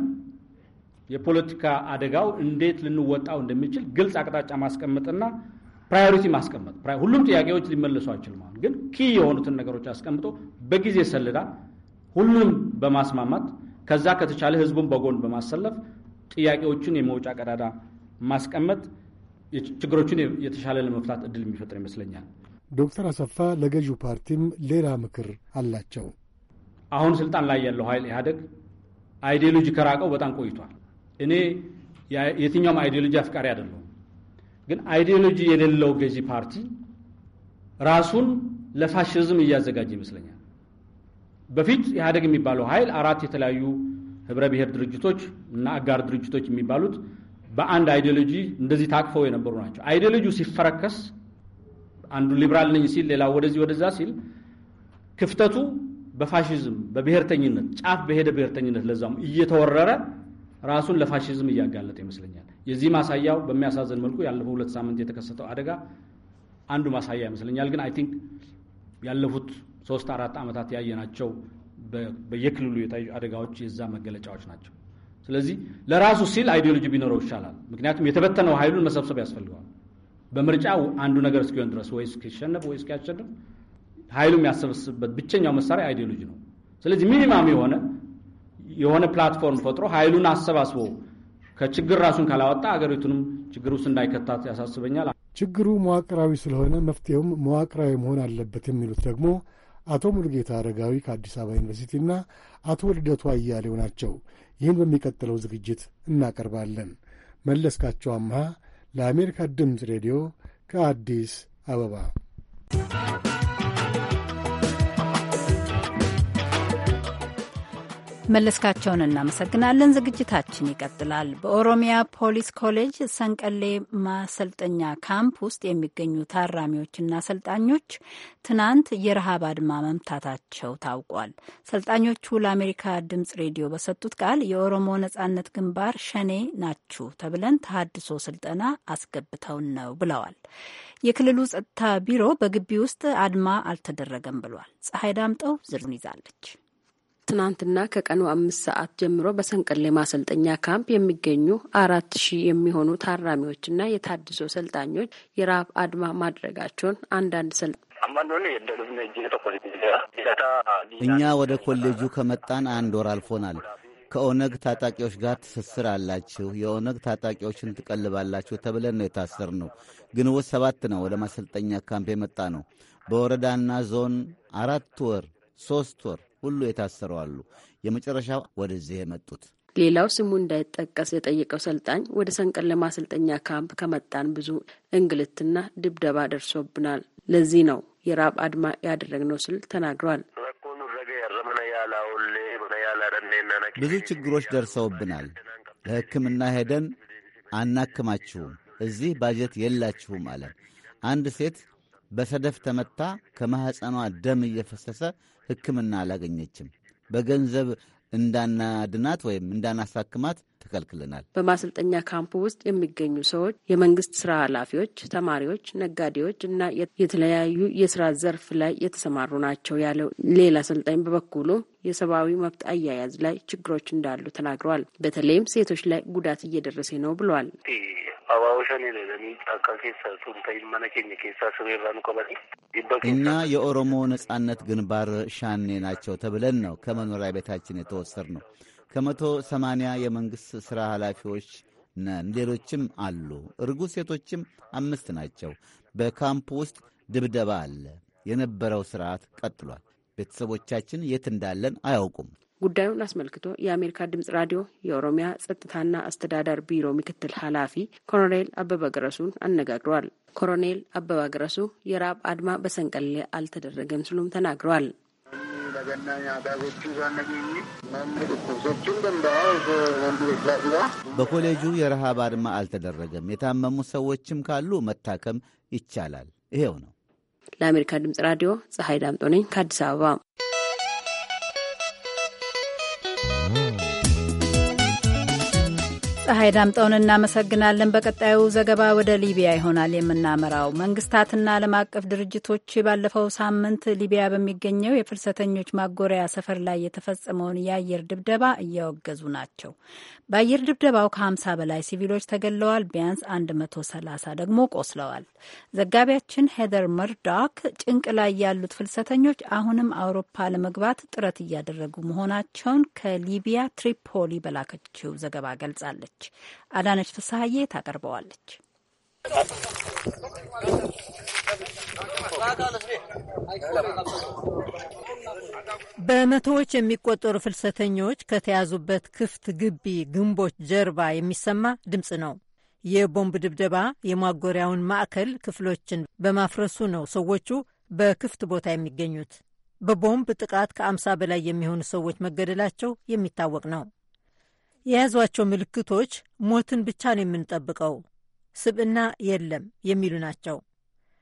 የፖለቲካ አደጋው እንዴት ልንወጣው እንደሚችል ግልጽ አቅጣጫ ማስቀመጥና ፕራዮሪቲ ማስቀመጥ። ሁሉም ጥያቄዎች ሊመለሱ አይችልም። አሁን ግን ኪ የሆኑትን ነገሮች አስቀምጦ በጊዜ ሰሌዳ ሁሉንም በማስማማት ከዛ ከተቻለ ህዝቡን በጎን በማሰለፍ ጥያቄዎችን የመውጫ ቀዳዳ ማስቀመጥ ችግሮቹን የተሻለ ለመፍታት እድል የሚፈጥር ይመስለኛል። ዶክተር አሰፋ ለገዢው ፓርቲም ሌላ ምክር አላቸው። አሁን ስልጣን ላይ ያለው ኃይል ኢህአደግ አይዲዮሎጂ ከራቀው በጣም ቆይቷል። እኔ የትኛውም አይዲዮሎጂ አፍቃሪ አይደለሁም። ግን አይዲዮሎጂ የሌለው ገዢ ፓርቲ ራሱን ለፋሽዝም እያዘጋጀ ይመስለኛል። በፊት ኢህአደግ የሚባለው ኃይል አራት የተለያዩ ህብረ ብሔር ድርጅቶች እና አጋር ድርጅቶች የሚባሉት በአንድ አይዲዮሎጂ እንደዚህ ታቅፈው የነበሩ ናቸው። አይዲዮሎጂው ሲፈረከስ አንዱ ሊብራል ነኝ ሲል፣ ሌላ ወደዚህ ወደዛ ሲል ክፍተቱ በፋሽዝም በብሔርተኝነት ጫፍ በሄደ ብሔርተኝነት ለዛም እየተወረረ ራሱን ለፋሽዝም እያጋለጠ ይመስለኛል። የዚህ ማሳያው በሚያሳዝን መልኩ ያለፈው ሁለት ሳምንት የተከሰተው አደጋ አንዱ ማሳያ ይመስለኛል። ግን አይ ቲንክ ያለፉት ሶስት አራት ዓመታት ያየናቸው በየክልሉ የታዩ አደጋዎች የዛ መገለጫዎች ናቸው። ስለዚህ ለራሱ ሲል አይዲዮሎጂ ቢኖረው ይሻላል። ምክንያቱም የተበተነው ኃይሉን መሰብሰብ ያስፈልገዋል። በምርጫ አንዱ ነገር እስኪሆን ድረስ ወይ እስኪሸነፍ ወይ እስኪያሸንፍ ኃይሉ የሚያሰበስብበት ብቸኛው መሳሪያ አይዲዮሎጂ ነው። ስለዚህ ሚኒማም የሆነ የሆነ ፕላትፎርም ፈጥሮ ኃይሉን አሰባስቦ ከችግር ራሱን ካላወጣ አገሪቱንም ችግር ውስጥ እንዳይከታት ያሳስበኛል። ችግሩ መዋቅራዊ ስለሆነ መፍትሄውም መዋቅራዊ መሆን አለበት የሚሉት ደግሞ አቶ ሙሉጌታ አረጋዊ ከአዲስ አበባ ዩኒቨርሲቲና አቶ ልደቱ አያሌው ናቸው። ይህን በሚቀጥለው ዝግጅት እናቀርባለን። መለስካቸው አምሃ ለአሜሪካ ድምፅ ሬዲዮ ከአዲስ አበባ መለስካቸውን እናመሰግናለን። ዝግጅታችን ይቀጥላል። በኦሮሚያ ፖሊስ ኮሌጅ ሰንቀሌ ማሰልጠኛ ካምፕ ውስጥ የሚገኙ ታራሚዎችና ሰልጣኞች ትናንት የረሃብ አድማ መምታታቸው ታውቋል። ሰልጣኞቹ ለአሜሪካ ድምጽ ሬዲዮ በሰጡት ቃል የኦሮሞ ነጻነት ግንባር ሸኔ ናችሁ ተብለን ተሃድሶ ስልጠና አስገብተውን ነው ብለዋል። የክልሉ ጸጥታ ቢሮ በግቢ ውስጥ አድማ አልተደረገም ብሏል። ፀሐይ ዳምጠው ዝርዝሩን ይዛለች። ትናንትና ከቀኑ አምስት ሰዓት ጀምሮ በሰንቀሌ ማሰልጠኛ ካምፕ የሚገኙ አራት ሺህ የሚሆኑ ታራሚዎችና የታድሶ ሰልጣኞች የራብ አድማ ማድረጋቸውን አንዳንድ ሰል እኛ ወደ ኮሌጁ ከመጣን አንድ ወር አልፎናል። ከኦነግ ታጣቂዎች ጋር ትስስር አላችሁ፣ የኦነግ ታጣቂዎችን ትቀልባላችሁ ተብለን ነው የታሰር ነው። ግንቦት ሰባት ነው ወደ ማሰልጠኛ ካምፕ የመጣ ነው። በወረዳና ዞን አራት ወር ሶስት ወር ሁሉ የታሰሩ አሉ። የመጨረሻው ወደዚህ የመጡት ሌላው ስሙ እንዳይጠቀስ የጠየቀው ሰልጣኝ ወደ ሰንቀለ ማሰልጠኛ ካምፕ ከመጣን ብዙ እንግልትና ድብደባ ደርሶብናል። ለዚህ ነው የራብ አድማ ያደረግነው ስል ተናግሯል። ብዙ ችግሮች ደርሰውብናል። ለሕክምና ሄደን አናክማችሁም፣ እዚህ ባጀት የላችሁም አለ። አንድ ሴት በሰደፍ ተመታ ከማኅፀኗ ደም እየፈሰሰ ሕክምና አላገኘችም። በገንዘብ እንዳናድናት ወይም እንዳናሳክማት ተከልክለናል። በማሰልጠኛ ካምፕ ውስጥ የሚገኙ ሰዎች የመንግስት ስራ ኃላፊዎች፣ ተማሪዎች፣ ነጋዴዎች እና የተለያዩ የስራ ዘርፍ ላይ የተሰማሩ ናቸው ያለው ሌላ አሰልጣኝ በበኩሉ የሰብአዊ መብት አያያዝ ላይ ችግሮች እንዳሉ ተናግረዋል። በተለይም ሴቶች ላይ ጉዳት እየደረሰ ነው ብለዋል። እኛ የኦሮሞ ነጻነት ግንባር ሻኔ ናቸው ተብለን ነው ከመኖሪያ ቤታችን የተወሰድ ነው። ከመቶ ሰማንያ የመንግሥት ሥራ ኃላፊዎች ነን። ሌሎችም አሉ። እርጉዝ ሴቶችም አምስት ናቸው። በካምፕ ውስጥ ድብደባ አለ። የነበረው ሥርዓት ቀጥሏል። ቤተሰቦቻችን የት እንዳለን አያውቁም። ጉዳዩን አስመልክቶ የአሜሪካ ድምጽ ራዲዮ የኦሮሚያ ጸጥታና አስተዳደር ቢሮ ምክትል ኃላፊ ኮሎኔል አበባ ገረሱን አነጋግረዋል። ኮሎኔል አበባ ገረሱ የራብ አድማ በሰንቀሌ አልተደረገም ስሉም ተናግረዋል። በኮሌጁ የረሃብ አድማ አልተደረገም። የታመሙ ሰዎችም ካሉ መታከም ይቻላል። ይሄው ነው። ለአሜሪካ ድምፅ ራዲዮ ፀሐይ ዳምጦ ነኝ ከአዲስ አበባ። ፀሐይ ዳምጠውን እናመሰግናለን። በቀጣዩ ዘገባ ወደ ሊቢያ ይሆናል የምናመራው። መንግስታትና ዓለም አቀፍ ድርጅቶች ባለፈው ሳምንት ሊቢያ በሚገኘው የፍልሰተኞች ማጎሪያ ሰፈር ላይ የተፈጸመውን የአየር ድብደባ እያወገዙ ናቸው። በአየር ድብደባው ከ50 በላይ ሲቪሎች ተገለዋል፣ ቢያንስ 130 ደግሞ ቆስለዋል። ዘጋቢያችን ሄደር መርዳክ ጭንቅ ላይ ያሉት ፍልሰተኞች አሁንም አውሮፓ ለመግባት ጥረት እያደረጉ መሆናቸውን ከሊቢያ ትሪፖሊ በላከችው ዘገባ ገልጻለች። ትገኛለች። አዳነች ፍስሐዬ ታቀርበዋለች። በመቶዎች የሚቆጠሩ ፍልሰተኞች ከተያዙበት ክፍት ግቢ ግንቦች ጀርባ የሚሰማ ድምፅ ነው። የቦምብ ድብደባ የማጎሪያውን ማዕከል ክፍሎችን በማፍረሱ ነው ሰዎቹ በክፍት ቦታ የሚገኙት። በቦምብ ጥቃት ከአምሳ በላይ የሚሆኑ ሰዎች መገደላቸው የሚታወቅ ነው። የያዟቸው ምልክቶች ሞትን ብቻ ነው የምንጠብቀው፣ ስብና የለም የሚሉ ናቸው።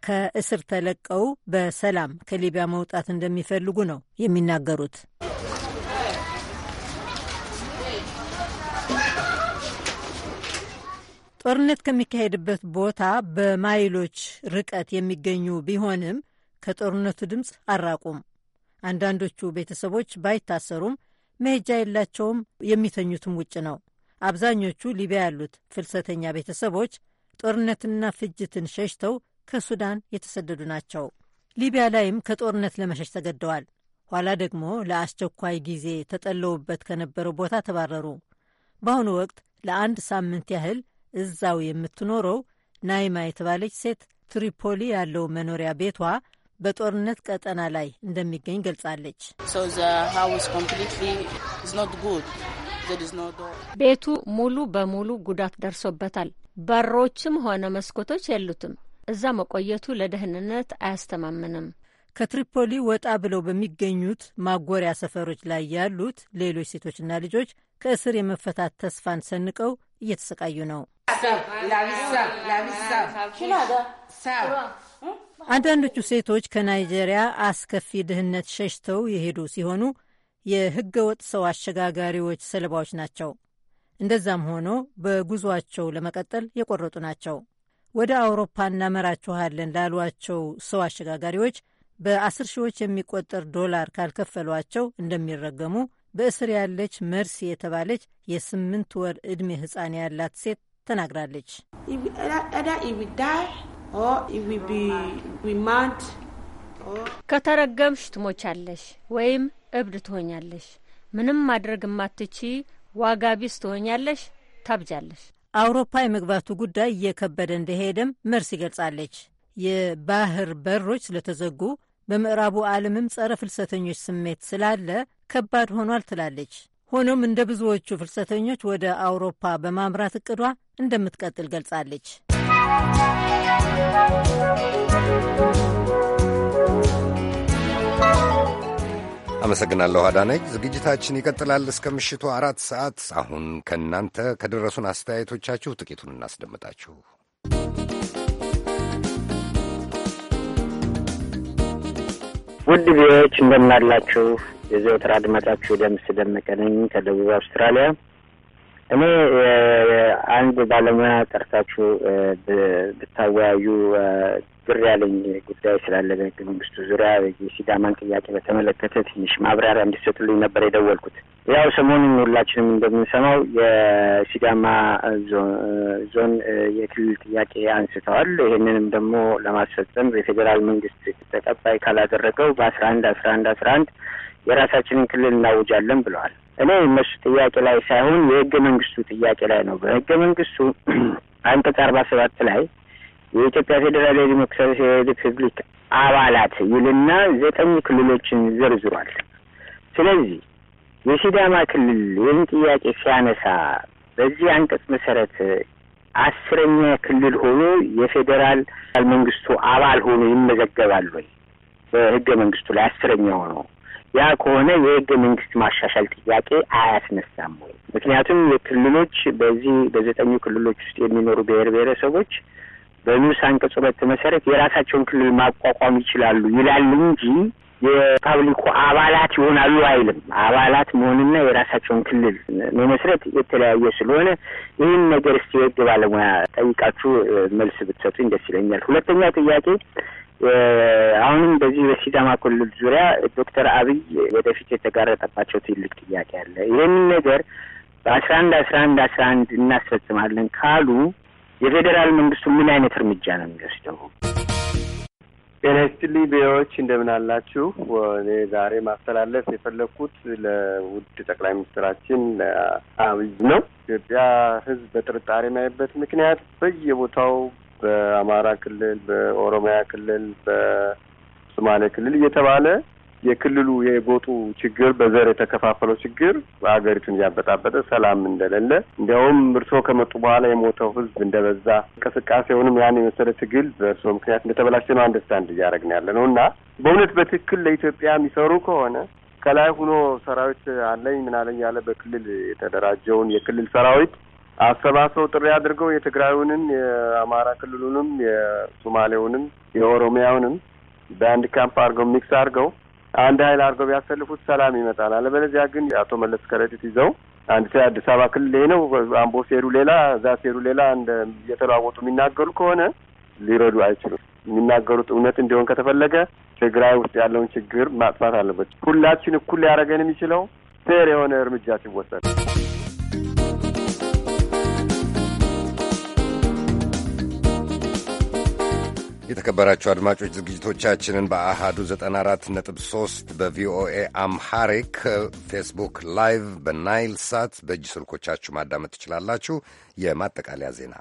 ከእስር ተለቀው በሰላም ከሊቢያ መውጣት እንደሚፈልጉ ነው የሚናገሩት። ጦርነት ከሚካሄድበት ቦታ በማይሎች ርቀት የሚገኙ ቢሆንም ከጦርነቱ ድምፅ አራቁም። አንዳንዶቹ ቤተሰቦች ባይታሰሩም መሄጃ የላቸውም። የሚተኙትም ውጭ ነው። አብዛኞቹ ሊቢያ ያሉት ፍልሰተኛ ቤተሰቦች ጦርነትና ፍጅትን ሸሽተው ከሱዳን የተሰደዱ ናቸው። ሊቢያ ላይም ከጦርነት ለመሸሽ ተገደዋል። ኋላ ደግሞ ለአስቸኳይ ጊዜ ተጠለውበት ከነበረው ቦታ ተባረሩ። በአሁኑ ወቅት ለአንድ ሳምንት ያህል እዛው የምትኖረው ናይማ የተባለች ሴት ትሪፖሊ ያለው መኖሪያ ቤቷ በጦርነት ቀጠና ላይ እንደሚገኝ ገልጻለች። ቤቱ ሙሉ በሙሉ ጉዳት ደርሶበታል። በሮችም ሆነ መስኮቶች የሉትም። እዛ መቆየቱ ለደህንነት አያስተማምንም። ከትሪፖሊ ወጣ ብለው በሚገኙት ማጎሪያ ሰፈሮች ላይ ያሉት ሌሎች ሴቶችና ልጆች ከእስር የመፈታት ተስፋን ሰንቀው እየተሰቃዩ ነው። አንዳንዶቹ ሴቶች ከናይጄሪያ አስከፊ ድህነት ሸሽተው የሄዱ ሲሆኑ የህገ ወጥ ሰው አሸጋጋሪዎች ሰለባዎች ናቸው። እንደዛም ሆኖ በጉዟቸው ለመቀጠል የቆረጡ ናቸው። ወደ አውሮፓ እናመራችኋለን ላሏቸው ሰው አሸጋጋሪዎች በአስር ሺዎች የሚቆጠር ዶላር ካልከፈሏቸው እንደሚረገሙ በእስር ያለች መርሲ የተባለች የስምንት ወር ዕድሜ ህፃን ያላት ሴት ተናግራለች። uh, Oh, oh. ከተረገምሽ ትሞቻለሽ ወይም እብድ ትሆኛለሽ። ምንም ማድረግ ማትቺ ዋጋ ቢስ ትሆኛለሽ፣ ታብጃለሽ። አውሮፓ የመግባቱ ጉዳይ እየከበደ እንደሄደም መርስ ይገልጻለች። የባህር በሮች ስለተዘጉ በምዕራቡ ዓለምም ጸረ ፍልሰተኞች ስሜት ስላለ ከባድ ሆኗል ትላለች። ሆኖም እንደ ብዙዎቹ ፍልሰተኞች ወደ አውሮፓ በማምራት እቅዷ እንደምትቀጥል ገልጻለች። አመሰግናለሁ አዳነኝ። ዝግጅታችን ይቀጥላል እስከ ምሽቱ አራት ሰዓት። አሁን ከእናንተ ከደረሱን አስተያየቶቻችሁ ጥቂቱን እናስደምጣችሁ። ውድ ቢዎች እንደምናላችሁ፣ የዘወትር አድማጫችሁ ደምስ ደመቀ ነኝ ከደቡብ አውስትራሊያ። እኔ አንድ ባለሙያ ጠርታችሁ ብታወያዩ ግር ያለኝ ጉዳይ ስላለ በህገ መንግስቱ ዙሪያ የሲዳማን ጥያቄ በተመለከተ ትንሽ ማብራሪያ እንዲሰጡልኝ ነበር የደወልኩት። ያው ሰሞኑን ሁላችንም እንደምንሰማው የሲዳማ ዞን የክልል ጥያቄ አንስተዋል። ይህንንም ደግሞ ለማስፈጸም የፌዴራል መንግስት ተቀባይ ካላደረገው በአስራ አንድ አስራ አንድ አስራ አንድ የራሳችንን ክልል እናውጃለን ብለዋል። እኔ እነሱ ጥያቄ ላይ ሳይሆን የህገ መንግስቱ ጥያቄ ላይ ነው። በህገ መንግስቱ [CLEARS THROAT] አንቀጽ አርባ ሰባት ላይ የኢትዮጵያ ፌዴራላዊ ዲሞክራሲ ሪፐብሊክ አባላት ይልና ዘጠኝ ክልሎችን ዘርዝሯል። ስለዚህ የሲዳማ ክልል ይህን ጥያቄ ሲያነሳ በዚህ አንቀጽ መሰረት አስረኛ ክልል ሆኖ የፌዴራል መንግስቱ አባል ሆኖ ይመዘገባል ወይ? በህገ መንግስቱ ላይ አስረኛ ሆኖ ያ ከሆነ የህገ መንግስት ማሻሻል ጥያቄ አያስነሳም ወይ? ምክንያቱም የክልሎች በዚህ በዘጠኙ ክልሎች ውስጥ የሚኖሩ ብሔር ብሔረሰቦች በንዑስ አንቀጽ ሁለት መሰረት የራሳቸውን ክልል ማቋቋም ይችላሉ ይላል እንጂ የፓብሊኩ አባላት ይሆናሉ አይልም። አባላት መሆንና የራሳቸውን ክልል መመስረት የተለያየ ስለሆነ ይህን ነገር እስቲ የህግ ባለሙያ ጠይቃችሁ መልስ ብትሰጡኝ ደስ ይለኛል። ሁለተኛው ጥያቄ አሁንም በዚህ በሲዳማ ክልል ዙሪያ ዶክተር አብይ ወደፊት የተጋረጠባቸው ትልቅ ጥያቄ አለ። ይህንን ነገር በአስራ አንድ አስራ አንድ አስራ አንድ እናስፈጽማለን ካሉ የፌዴራል መንግስቱ ምን አይነት እርምጃ ነው የሚወስደው? ጤና ይስጥልኝ ቢዎች እንደምን አላችሁ? እኔ ዛሬ ማስተላለፍ የፈለግኩት ለውድ ጠቅላይ ሚኒስትራችን አብይ ነው። ኢትዮጵያ ሕዝብ በጥርጣሬ የማይበት ምክንያት በየቦታው በአማራ ክልል፣ በኦሮሚያ ክልል፣ በሶማሌ ክልል እየተባለ የክልሉ የጎጡ ችግር በዘር የተከፋፈለው ችግር ሀገሪቱን እያበጣበጠ ሰላም እንደሌለ እንዲያውም እርስዎ ከመጡ በኋላ የሞተው ሕዝብ እንደበዛ እንቅስቃሴውንም ያን የመሰለ ትግል በእርስዎ ምክንያት እንደተበላሸ ነው አንደርስታንድ እያደረግን ያለ ነው እና በእውነት በትክክል ለኢትዮጵያ የሚሰሩ ከሆነ ከላይ ሁኖ ሰራዊት አለኝ ምናለኝ ያለ በክልል የተደራጀውን የክልል ሰራዊት አሰባስበው ጥሪ አድርገው የትግራዩንም የአማራ ክልሉንም የሶማሌውንም የኦሮሚያውንም በአንድ ካምፕ አድርገው ሚክስ አድርገው አንድ ኃይል አድርገው ቢያሰልፉት ሰላም ይመጣል። አለበለዚያ ግን የአቶ መለስ ከረጢት ይዘው አንድ ሰ አዲስ አበባ ክልል ይሄ ነው፣ አምቦ ሴሩ ሌላ፣ እዛ ሴሩ ሌላ እንደ እየተለዋወጡ የሚናገሩ ከሆነ ሊረዱ አይችሉም። የሚናገሩት እውነት እንዲሆን ከተፈለገ ትግራይ ውስጥ ያለውን ችግር ማጥፋት አለበት። ሁላችን እኩል ሊያደርገን የሚችለው ፌር የሆነ እርምጃ ሲወሰድ የተከበራችሁ አድማጮች ዝግጅቶቻችንን በአሃዱ 94.3 በቪኦኤ አምሃሪክ ፌስቡክ ላይቭ በናይል ሳት በእጅ ስልኮቻችሁ ማዳመጥ ትችላላችሁ። የማጠቃለያ ዜና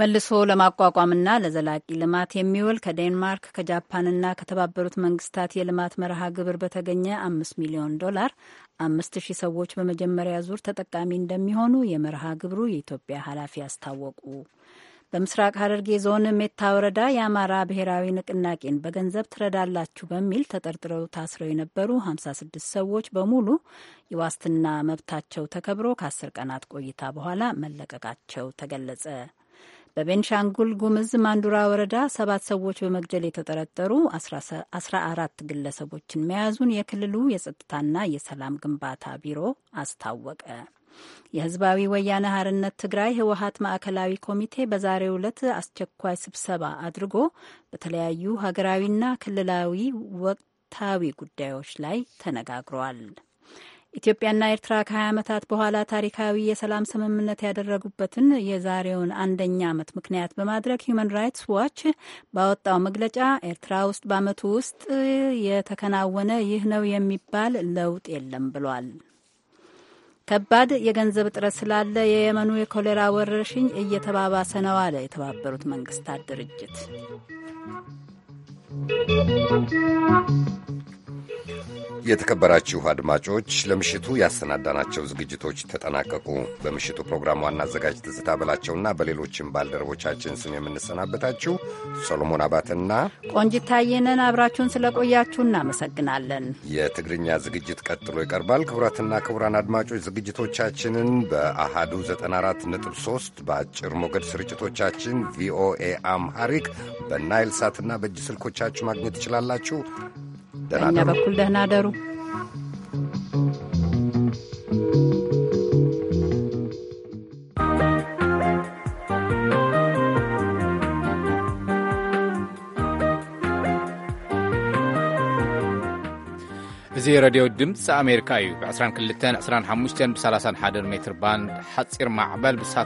መልሶ ለማቋቋምና ለዘላቂ ልማት የሚውል ከዴንማርክ ከጃፓንና ከተባበሩት መንግስታት የልማት መርሃ ግብር በተገኘ አምስት ሚሊዮን ዶላር አምስት ሺህ ሰዎች በመጀመሪያ ዙር ተጠቃሚ እንደሚሆኑ የመርሃ ግብሩ የኢትዮጵያ ኃላፊ አስታወቁ። በምስራቅ ሐረርጌ ዞን ሜታ ወረዳ የአማራ ብሔራዊ ንቅናቄን በገንዘብ ትረዳላችሁ በሚል ተጠርጥረው ታስረው የነበሩ 56 ሰዎች በሙሉ የዋስትና መብታቸው ተከብሮ ከአስር ቀናት ቆይታ በኋላ መለቀቃቸው ተገለጸ። በቤንሻንጉል ጉምዝ ማንዱራ ወረዳ ሰባት ሰዎች በመግደል የተጠረጠሩ 14 ግለሰቦችን መያዙን የክልሉ የጸጥታና የሰላም ግንባታ ቢሮ አስታወቀ። የህዝባዊ ወያነ ሀርነት ትግራይ ህወሀት ማዕከላዊ ኮሚቴ በዛሬው ዕለት አስቸኳይ ስብሰባ አድርጎ በተለያዩ ሀገራዊና ክልላዊ ወቅታዊ ጉዳዮች ላይ ተነጋግሯል። ኢትዮጵያና ኤርትራ ከ20 ዓመታት በኋላ ታሪካዊ የሰላም ስምምነት ያደረጉበትን የዛሬውን አንደኛ ዓመት ምክንያት በማድረግ ሁማን ራይትስ ዋች ባወጣው መግለጫ ኤርትራ ውስጥ በዓመቱ ውስጥ የተከናወነ ይህ ነው የሚባል ለውጥ የለም ብሏል። ከባድ የገንዘብ እጥረት ስላለ የየመኑ የኮሌራ ወረርሽኝ እየተባባሰ ነው አለ የተባበሩት መንግስታት ድርጅት። የተከበራችሁ አድማጮች ለምሽቱ ያሰናዳናቸው ዝግጅቶች ተጠናቀቁ። በምሽቱ ፕሮግራም ዋና አዘጋጅ ትዝታ በላቸውና በሌሎችም ባልደረቦቻችን ስም የምንሰናበታችሁ ሰሎሞን አባትና ቆንጂት ታየነን አብራችሁን ስለቆያችሁ እናመሰግናለን። የትግርኛ ዝግጅት ቀጥሎ ይቀርባል። ክቡራትና ክቡራን አድማጮች ዝግጅቶቻችንን በአሃዱ 94.3 በአጭር ሞገድ ስርጭቶቻችን ቪኦኤ አምሃሪክ በናይል ሳትና በእጅ ስልኮቻችሁ ማግኘት ትችላላችሁ። እኛ በኩል ደህና ደሩ። እዚ ረድዮ ድምፂ ኣሜሪካ እዩ ብ22 25 ብ31 ሜትር ባንድ ሓፂር ማዕበል ብሳ